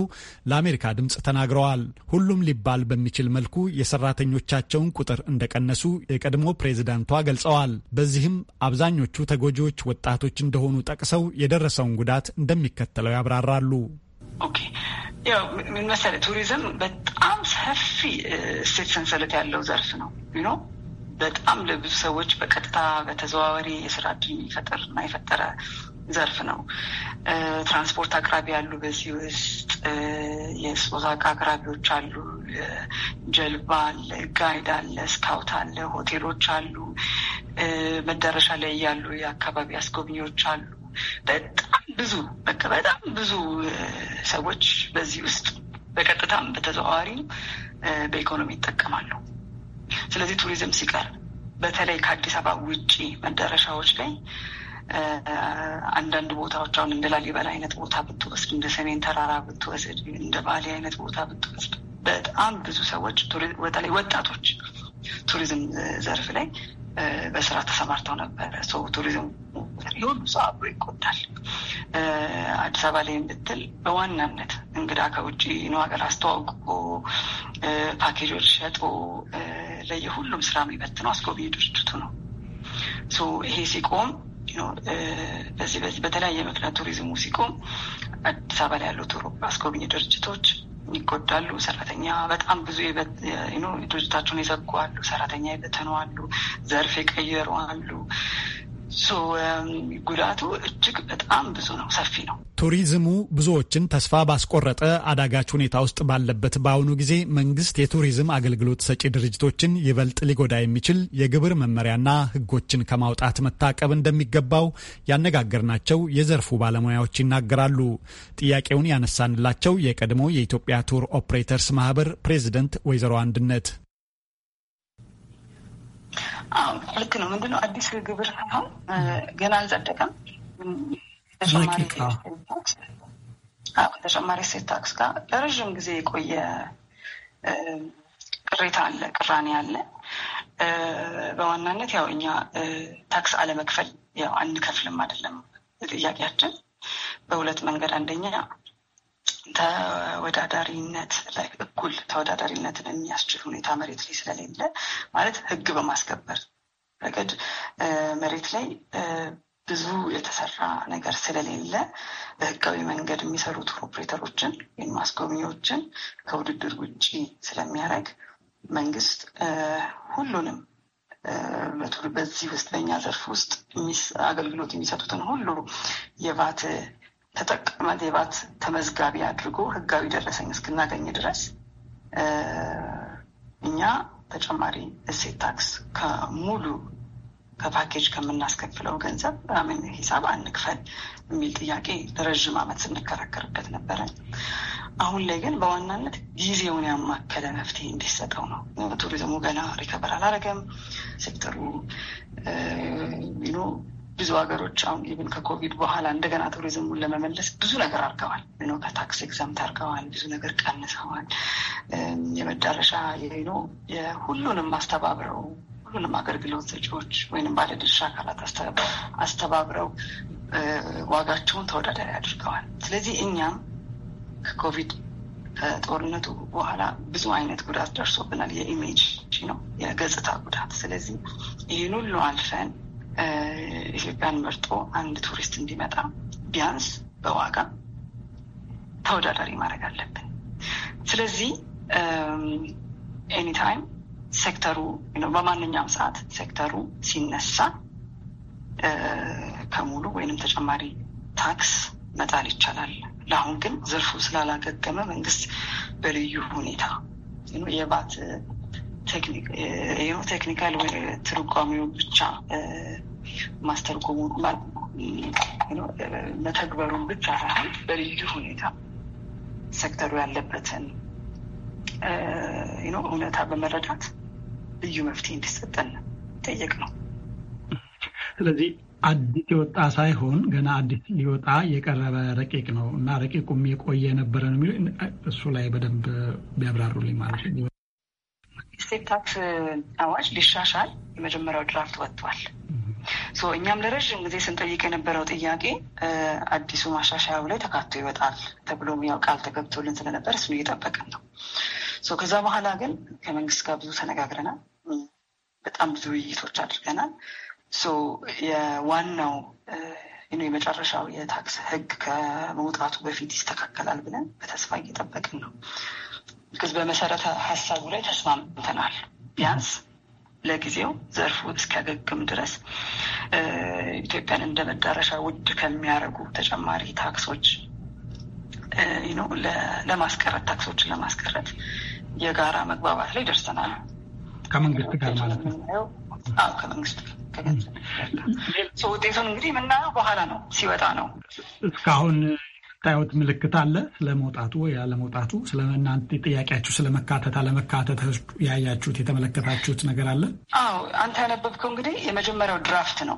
ለአሜሪካ ድምፅ ተናግረዋል። ሁሉም ሊባል በሚችል መልኩ የሰራተኞቻቸውን ቁጥር እንደቀነሱ የቀድሞ ፕሬዝዳንቷ ገልጸዋል። በዚህም አብዛኞቹ ተጎጂዎች ወጣቶች እንደሆኑ ጠቅሰው የደረሰውን ጉዳት እንደሚከተለው ያብራራሉ። ኦኬ ያው ምን መሰለህ፣ ቱሪዝም በጣም ሰፊ እሴት ሰንሰለት ያለው ዘርፍ ነው ኖ በጣም ለብዙ ሰዎች በቀጥታ በተዘዋዋሪ የስራ እድል የሚፈጥር እና የፈጠረ ዘርፍ ነው። ትራንስፖርት አቅራቢ ያሉ በዚህ ውስጥ የስፖዛቃ አቅራቢዎች አሉ። ጀልባ አለ፣ ጋይድ አለ፣ ስካውት አለ፣ ሆቴሎች አሉ፣ መዳረሻ ላይ ያሉ የአካባቢ አስጎብኚዎች አሉ። በጣም ብዙ በቃ በጣም ብዙ ሰዎች በዚህ ውስጥ በቀጥታም በተዘዋዋሪም በኢኮኖሚ ይጠቀማሉ። ስለዚህ ቱሪዝም ሲቀር በተለይ ከአዲስ አበባ ውጪ መዳረሻዎች ላይ አንዳንድ ቦታዎች አሁን እንደ ላሊበላ አይነት ቦታ ብትወስድ፣ እንደ ሰሜን ተራራ ብትወስድ፣ እንደ ባሌ አይነት ቦታ ብትወስድ በጣም ብዙ ሰዎች በተለይ ወጣቶች ቱሪዝም ዘርፍ ላይ በስራ ተሰማርተው ነበረ። ሰው ቱሪዝም የሁሉ ሰው አብሮ ይቆጣል። አዲስ አበባ ላይ ብትል በዋናነት እንግዳ ከውጭ ነው ሀገር አስተዋውቆ ፓኬጆች ሸጦ ለየሁሉም ስራ የሚበትነው አስጎብኝ ድርጅቱ ነው። ይሄ ሲቆም ነው። በዚህ በዚህ በተለያየ ምክንያት ቱሪዝሙ ሲቆም አዲስ አበባ ላይ ያሉት አስጎብኝ ድርጅቶች ይጎዳሉ። ሰራተኛ በጣም ብዙ ድርጅታቸውን የዘጉ አሉ፣ ሰራተኛ የበተኑ አሉ፣ ዘርፍ የቀየሩ አሉ። ጉዳቱ እጅግ በጣም ብዙ ነው፣ ሰፊ ነው። ቱሪዝሙ ብዙዎችን ተስፋ ባስቆረጠ አዳጋች ሁኔታ ውስጥ ባለበት በአሁኑ ጊዜ መንግስት የቱሪዝም አገልግሎት ሰጪ ድርጅቶችን ይበልጥ ሊጎዳ የሚችል የግብር መመሪያና ሕጎችን ከማውጣት መታቀብ እንደሚገባው ያነጋገርናቸው የዘርፉ ባለሙያዎች ይናገራሉ። ጥያቄውን ያነሳንላቸው የቀድሞ የኢትዮጵያ ቱር ኦፕሬተርስ ማህበር ፕሬዚደንት ወይዘሮ አንድነት ልክ ነው። ምንድነው አዲስ ግብር ሳይሆን ገና አልጸደቀም። ተጨማሪ ሴት ታክስ ጋር ለረዥም ጊዜ የቆየ ቅሬታ አለ፣ ቅራኔ አለ። በዋናነት ያው እኛ ታክስ አለመክፈል ያው አንከፍልም አይደለም ጥያቄያችን በሁለት መንገድ አንደኛ ተወዳዳሪነት ላይ እኩል ተወዳዳሪነትን የሚያስችል ሁኔታ መሬት ላይ ስለሌለ ማለት ህግ በማስከበር ረገድ መሬት ላይ ብዙ የተሰራ ነገር ስለሌለ በህጋዊ መንገድ የሚሰሩት ኦፕሬተሮችን ወይም ማስጎብኚዎችን ከውድድር ውጭ ስለሚያደርግ መንግስት ሁሉንም በዚህ ውስጥ በኛ ዘርፍ ውስጥ አገልግሎት የሚሰጡትን ሁሉ የቫት ተጠቀመ ሌባት ተመዝጋቢ አድርጎ ህጋዊ ደረሰኝ እስክናገኝ ድረስ እኛ ተጨማሪ እሴት ታክስ ከሙሉ ከፓኬጅ ከምናስከፍለው ገንዘብ ምን ሂሳብ አንክፈል የሚል ጥያቄ ለረዥም ዓመት ስንከራከርበት ነበረ። አሁን ላይ ግን በዋናነት ጊዜውን ያማከለ መፍትሄ እንዲሰጠው ነው። ቱሪዝሙ ገና ሪከበር አላረገም። ሴክተሩ ብዙ ሀገሮች አሁን ኢቭን ከኮቪድ በኋላ እንደገና ቱሪዝሙን ለመመለስ ብዙ ነገር አድርገዋል። ከታክስ ኤግዛምት አድርገዋል። ብዙ ነገር ቀንሰዋል። የመዳረሻ ኖ ሁሉንም አስተባብረው ሁሉንም አገልግሎት ሰጪዎች ወይም ባለድርሻ አካላት አስተባብረው ዋጋቸውን ተወዳዳሪ አድርገዋል። ስለዚህ እኛም ከኮቪድ ከጦርነቱ በኋላ ብዙ አይነት ጉዳት ደርሶብናል። የኢሜጅ ነው የገጽታ ጉዳት። ስለዚህ ይህን ሁሉ አልፈን ኢትዮጵያን መርጦ አንድ ቱሪስት እንዲመጣ ቢያንስ በዋጋ ተወዳዳሪ ማድረግ አለብን። ስለዚህ ኤኒታይም ሴክተሩ በማንኛውም ሰዓት ሴክተሩ ሲነሳ ከሙሉ ወይንም ተጨማሪ ታክስ መጣል ይቻላል። ለአሁን ግን ዘርፉ ስላላገገመ መንግስት በልዩ ሁኔታ የባት ቴክኒካል ትርጓሚው ብቻ ማስተርጎሙ መተግበሩን ብቻ ሳይሆን በልዩ ሁኔታ ሴክተሩ ያለበትን እውነታ በመረዳት ልዩ መፍትሄ እንዲሰጠን ጠየቅ ነው። ስለዚህ አዲስ የወጣ ሳይሆን ገና አዲስ ሊወጣ የቀረበ ረቂቅ ነው እና ረቂቁም የቆየ የነበረ ነው የሚሉ እሱ ላይ በደንብ ቢያብራሩልኝ ማለት ነው። ስቴት ታክስ አዋጅ ሊሻሻል የመጀመሪያው ድራፍት ወጥቷል። እኛም ለረዥም ጊዜ ስንጠይቅ የነበረው ጥያቄ አዲሱ ማሻሻያው ላይ ተካቶ ይወጣል ተብሎ ያው ቃል ተገብቶልን ስለነበር እሱን እየጠበቅን ነው። ከዛ በኋላ ግን ከመንግስት ጋር ብዙ ተነጋግረናል። በጣም ብዙ ውይይቶች አድርገናል። የዋናው የመጨረሻው የታክስ ህግ ከመውጣቱ በፊት ይስተካከላል ብለን በተስፋ እየጠበቅን ነው። ግን በመሰረተ ሀሳቡ ላይ ተስማምተናል። ቢያንስ ለጊዜው ዘርፉ እስኪያገግም ድረስ ኢትዮጵያን እንደ መዳረሻ ውድ ከሚያደርጉ ተጨማሪ ታክሶች ለማስቀረት ታክሶችን ለማስቀረት የጋራ መግባባት ላይ ደርሰናል። ከመንግስት ጋር ማለት ነው። ከመንግስት ውጤቱን እንግዲህ የምናየው በኋላ ነው ሲወጣ ነው። እስካሁን ታዩት ምልክት አለ ስለመውጣቱ ወይ አለመውጣቱ፣ ስለእናንተ ጥያቄያችሁ ስለመካተት አለመካተት ያያችሁት የተመለከታችሁት ነገር አለ? አዎ አንተ ያነበብከው እንግዲህ የመጀመሪያው ድራፍት ነው።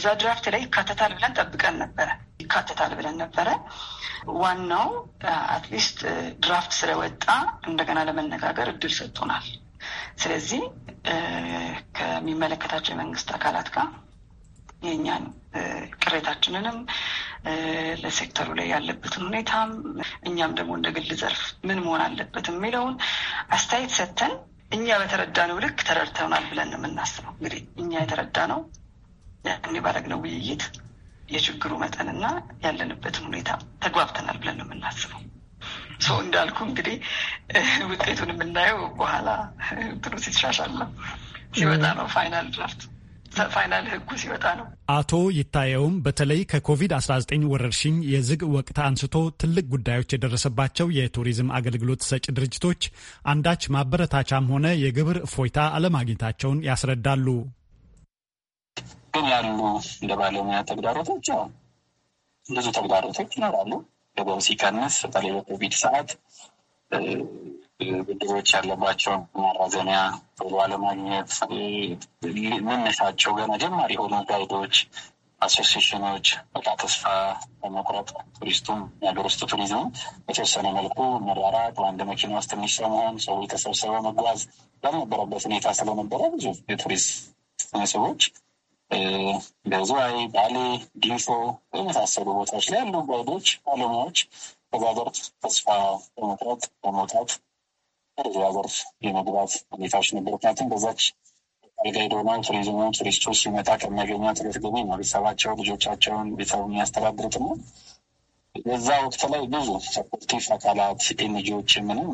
እዛ ድራፍት ላይ ይካተታል ብለን ጠብቀን ነበረ። ይካተታል ብለን ነበረ። ዋናው አትሊስት ድራፍት ስለወጣ እንደገና ለመነጋገር እድል ሰጥቶናል። ስለዚህ ከሚመለከታቸው የመንግስት አካላት ጋር የእኛን ቅሬታችንንም ለሴክተሩ ላይ ያለበትን ሁኔታም እኛም ደግሞ እንደ ግል ዘርፍ ምን መሆን አለበት የሚለውን አስተያየት ሰጥተን እኛ በተረዳነው ልክ ተረድተናል ብለን የምናስበው እንግዲህ እኛ የተረዳነው ያኔ ባደረግነው ውይይት የችግሩ መጠንና ያለንበትን ሁኔታ ተግባብተናል ብለን ነው የምናስበው። ሰው እንዳልኩ እንግዲህ ውጤቱን የምናየው በኋላ እንትኑ ሲሻሻል ነው ነው ፋይናል ድራፍት ፋይናል ህጉ ሲወጣ ነው። አቶ ይታየውም በተለይ ከኮቪድ-19 ወረርሽኝ የዝግ ወቅት አንስቶ ትልቅ ጉዳዮች የደረሰባቸው የቱሪዝም አገልግሎት ሰጪ ድርጅቶች አንዳች ማበረታቻም ሆነ የግብር እፎይታ አለማግኘታቸውን ያስረዳሉ። ግን ያሉ እንደ ባለሙያ ተግዳሮቶች አሁን ብዙ ተግዳሮቶች ይኖራሉ። ገበያው ሲቀንስ በተለይ በኮቪድ ሰዓት ብድሮች ያለባቸውን ማራዘሚያ ቶሎ አለማግኘት መነሻቸው ገና ጀማሪ የሆኑ ጋይዶች፣ አሶሲሽኖች በቃ ተስፋ በመቁረጥ ቱሪስቱም የሀገር ውስጥ ቱሪዝም በተወሰነ መልኩ መራራቅ፣ በአንድ መኪና ውስጥ ትንሽ ሰው መሆን፣ ሰው የተሰብሰበ መጓዝ ባልነበረበት ሁኔታ ስለነበረ ብዙ የቱሪስት መስህቦች በዝዋይ፣ ባሌ፣ ዲንሾ የመሳሰሉ ቦታዎች ላይ ያሉ ጋይዶች፣ ባለሙያዎች ተጋገር ተስፋ በመቁረጥ በመውጣት ወደዛ ዘርፍ የመግባት ሁኔታዎች ነበሩ። ምክንያቱም በዛች ቱሪስቶች ሲመጣ ገቢ ነው ልጆቻቸውን ቤተሰቡ የሚያስተዳድሩት ነው። በዛ ወቅት ላይ ብዙ ሰፖርቲቭ አካላት ኤንጂዎች ምንም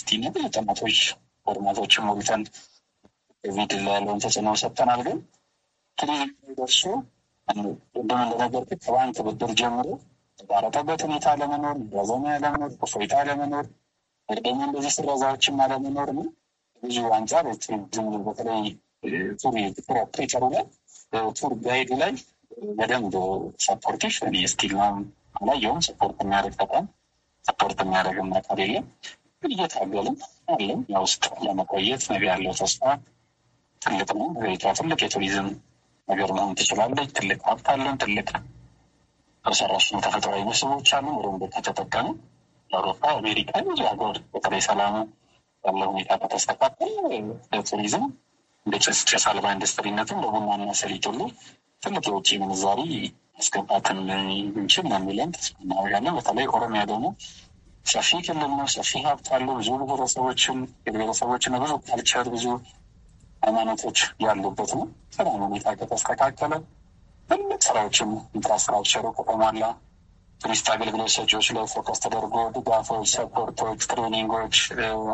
ስቲነ ጥናቶች ፎርማቶችን ሞልተን ኮቪድ ላይ ያለውን ተጽዕኖ ግን ቱሪዝም ደርሶ ቅድም ከባንክ ብድር ጀምሮ ተቋረጠበት ሁኔታ ለመኖር ዛዘና ለመኖር እፎይታ ለመኖር ደግሞ እንደዚህ ስረዛዎችን አለመኖር ነው ብዙ አንጻር ቱሪዝም በተለይ ቱሪ ፕሮፕሬተሩ ላይ ቱር ጋይድ ላይ በደንብ ሰፖርቲቭ እኔ ስቲግማም አላየውም። ሰፖርት የሚያደርግ ተቋም ሰፖርት የሚያደርግም ነገር የለም። ግን አለም አለን። ያው ውስጥ ለመቆየት ነቢ ያለው ተስፋ ትልቅ ነው። ሀገሪቷ ትልቅ የቱሪዝም ነገር መሆን ትችላለች። ትልቅ ሀብት አለን። ትልቅ ሰራሽ ተፈጥሯዊ መስህቦች አሉ። ሮንዶ ከተጠቀሙ አውሮፓ፣ አሜሪካ ብዙ ሀገር በተለይ ሰላሙ ያለው ሁኔታ ከተስተካከል ለቱሪዝም እንደ ጭስ አልባ ኢንዱስትሪነትም በቡና ሰሊጥ ሁሉ ትልቅ የውጭ ምንዛሪ ማስገባትን እንችል ነው የሚለን ተስፋ እናደርጋለን። በተለይ ኦሮሚያ ደግሞ ሰፊ ክልል ነው፣ ሰፊ ሀብት አለው። ብዙ ብሔረሰቦችን የብሔረሰቦችን ብዙ ካልቸር ብዙ ሃይማኖቶች ያሉበት ነው። ሰላም ሁኔታ ከተስተካከለ ትልቅ ስራዎችም ኢንፍራስትራክቸሩ ከተሟላ ቱሪስት አገልግሎት ሰጪዎች ላይ ፎከስ ተደርጎ ድጋፎች፣ ሰፖርቶች፣ ትሬኒንጎች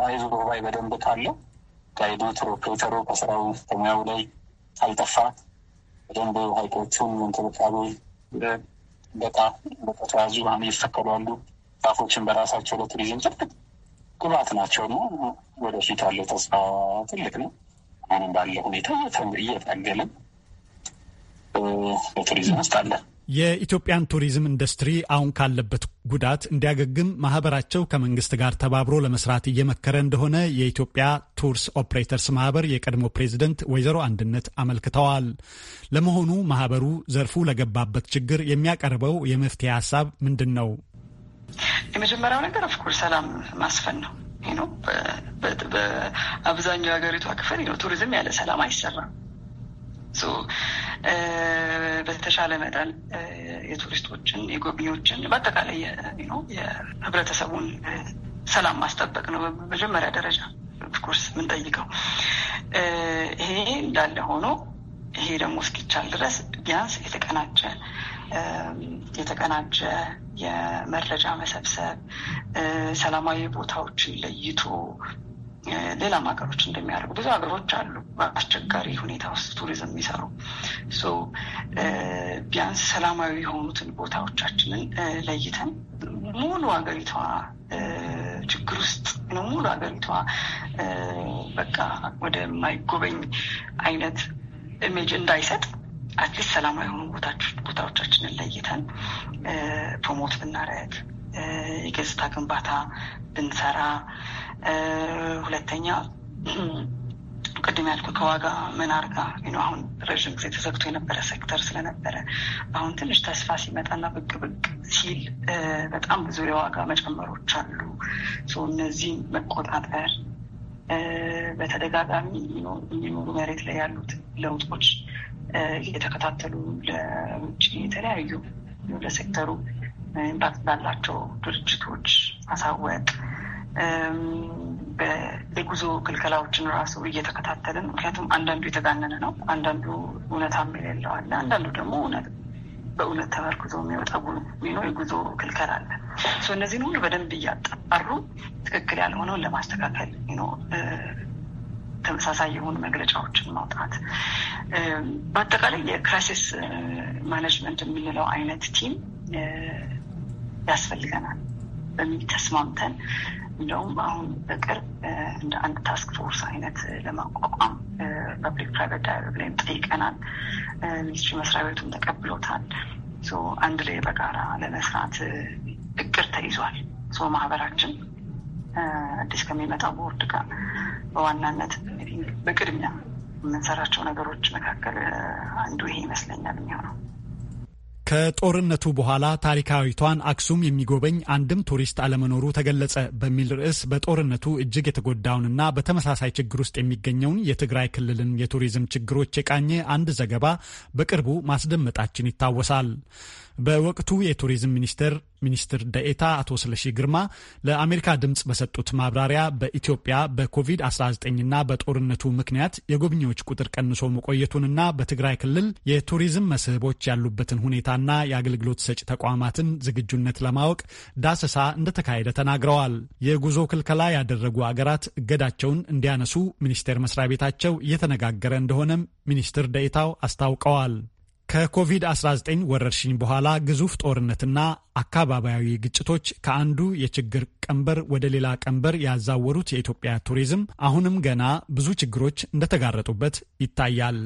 አይዞ ባይ በደንብ ካለ ጋይዱ ትሮፕሬተሩ ኦፕሬተሩ ከስራው ከሙያው ላይ ካልጠፋ በደንብ ሀይቆቹን እንክብካቤ በቃ በተያዙ አሁን ይፈቀዳሉ። ዛፎችን በራሳቸው ለቱሪዝም ትልቅ ግብዓት ናቸው እና ወደፊት ያለው ተስፋ ትልቅ ነው። አሁንም ባለ ሁኔታ እየታገልን በቱሪዝም ውስጥ አለን። የኢትዮጵያን ቱሪዝም ኢንዱስትሪ አሁን ካለበት ጉዳት እንዲያገግም ማህበራቸው ከመንግስት ጋር ተባብሮ ለመስራት እየመከረ እንደሆነ የኢትዮጵያ ቱርስ ኦፕሬተርስ ማህበር የቀድሞ ፕሬዚደንት ወይዘሮ አንድነት አመልክተዋል። ለመሆኑ ማህበሩ ዘርፉ ለገባበት ችግር የሚያቀርበው የመፍትሄ ሀሳብ ምንድን ነው? የመጀመሪያው ነገር ኦፍኮርስ ሰላም ማስፈን ነው። በአብዛኛው የሀገሪቷ ክፍል ቱሪዝም ያለ ሰላም አይሰራም። በተሻለ መጠን የቱሪስቶችን የጎብኚዎችን በአጠቃላይ የህብረተሰቡን ሰላም ማስጠበቅ ነው በመጀመሪያ ደረጃ ኦፍኮርስ የምንጠይቀው። ይሄ እንዳለ ሆኖ ይሄ ደግሞ እስኪቻል ድረስ ቢያንስ የተቀናጀ የተቀናጀ የመረጃ መሰብሰብ ሰላማዊ ቦታዎችን ለይቶ ሌላም ሀገሮች እንደሚያደርጉ ብዙ ሀገሮች አሉ በአስቸጋሪ ሁኔታ ውስጥ ቱሪዝም የሚሰሩ ቢያንስ ሰላማዊ የሆኑትን ቦታዎቻችንን ለይተን ሙሉ ሀገሪቷ ችግር ውስጥ ነው። ሙሉ ሀገሪቷ በቃ ወደማይጎበኝ አይነት ኢሜጅ እንዳይሰጥ አትሊስት ሰላማዊ የሆኑ ቦታዎቻችንን ለይተን ፕሮሞት ብናደርግ የገጽታ ግንባታ ብንሰራ ሁለተኛ <clears throat> ቅድም ያልኩ ከዋጋ መናር ጋር አሁን ረዥም ጊዜ ተዘግቶ የነበረ ሴክተር ስለነበረ አሁን ትንሽ ተስፋ ሲመጣና ብቅ ብቅ ሲል በጣም ብዙ የዋጋ መጨመሮች አሉ። እነዚህም መቆጣጠር በተደጋጋሚ የሚኖሩ መሬት ላይ ያሉት ለውጦች እየተከታተሉ ለውጭ የተለያዩ ለሴክተሩ ኢምፓክት ባላቸው ድርጅቶች ማሳወቅ የጉዞ ክልከላዎችን ራሱ እየተከታተልን ምክንያቱም አንዳንዱ የተጋነነ ነው፣ አንዳንዱ እውነታም የሌለው አለ፣ አንዳንዱ ደግሞ እውነት በእውነት ተመርክዞ የሚወጣ ሚኖ የጉዞ ክልከላ አለ። እነዚህን ሁሉ በደንብ እያጣሩ ትክክል ያልሆነውን ለማስተካከል ተመሳሳይ የሆኑ መግለጫዎችን ማውጣት፣ በአጠቃላይ የክራይሲስ ማኔጅመንት የምንለው አይነት ቲም ያስፈልገናል። በሚል ተስማምተን እንደውም አሁን በቅርብ እንደ አንድ ታስክ ፎርስ አይነት ለማቋቋም ፐብሊክ ፕራይቬት ዳያሎግ ላይም ጠይቀናል። ሚኒስትሪ መስሪያ ቤቱም ተቀብሎታል። አንድ ላይ በጋራ ለመስራት እቅድ ተይዟል። ማህበራችን አዲስ ከሚመጣ ቦርድ ጋር በዋናነት በቅድሚያ የምንሰራቸው ነገሮች መካከል አንዱ ይሄ ይመስለኛል የሚሆነው። ከጦርነቱ በኋላ ታሪካዊቷን አክሱም የሚጎበኝ አንድም ቱሪስት አለመኖሩ ተገለጸ በሚል ርዕስ በጦርነቱ እጅግ የተጎዳውንና በተመሳሳይ ችግር ውስጥ የሚገኘውን የትግራይ ክልልን የቱሪዝም ችግሮች የቃኘ አንድ ዘገባ በቅርቡ ማስደመጣችን ይታወሳል። በወቅቱ የቱሪዝም ሚኒስቴር ሚኒስትር ደኤታ አቶ ስለሺ ግርማ ለአሜሪካ ድምፅ በሰጡት ማብራሪያ በኢትዮጵያ በኮቪድ 19 እና በጦርነቱ ምክንያት የጎብኚዎች ቁጥር ቀንሶ መቆየቱንና በትግራይ ክልል የቱሪዝም መስህቦች ያሉበትን ሁኔታና የአገልግሎት ሰጪ ተቋማትን ዝግጁነት ለማወቅ ዳሰሳ እንደተካሄደ ተናግረዋል። የጉዞ ክልከላ ያደረጉ አገራት እገዳቸውን እንዲያነሱ ሚኒስቴር መስሪያ ቤታቸው እየተነጋገረ እንደሆነም ሚኒስትር ደኤታው አስታውቀዋል። ከኮቪድ-19 ወረርሽኝ በኋላ ግዙፍ ጦርነትና አካባቢያዊ ግጭቶች ከአንዱ የችግር ቀንበር ወደ ሌላ ቀንበር ያዛወሩት የኢትዮጵያ ቱሪዝም አሁንም ገና ብዙ ችግሮች እንደተጋረጡበት ይታያል።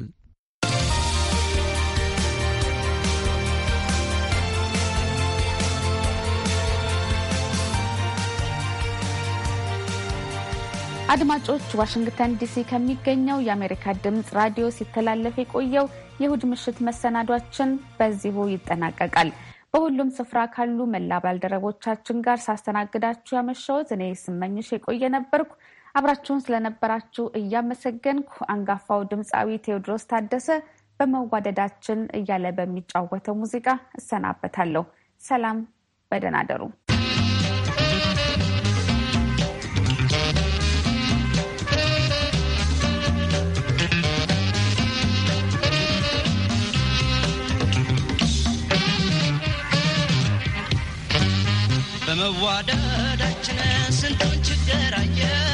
አድማጮች፣ ዋሽንግተን ዲሲ ከሚገኘው የአሜሪካ ድምፅ ራዲዮ ሲተላለፍ የቆየው የእሁድ ምሽት መሰናዷችን በዚሁ ይጠናቀቃል። በሁሉም ስፍራ ካሉ መላ ባልደረቦቻችን ጋር ሳስተናግዳችሁ ያመሸሁት እኔ ስመኝሽ የቆየ ነበርኩ። አብራችሁን ስለነበራችሁ እያመሰገንኩ አንጋፋው ድምፃዊ ቴዎድሮስ ታደሰ በመዋደዳችን እያለ በሚጫወተው ሙዚቃ እሰናበታለሁ። ሰላም፣ በደህና በመዋደዳችን ስንቱን ችግር አየ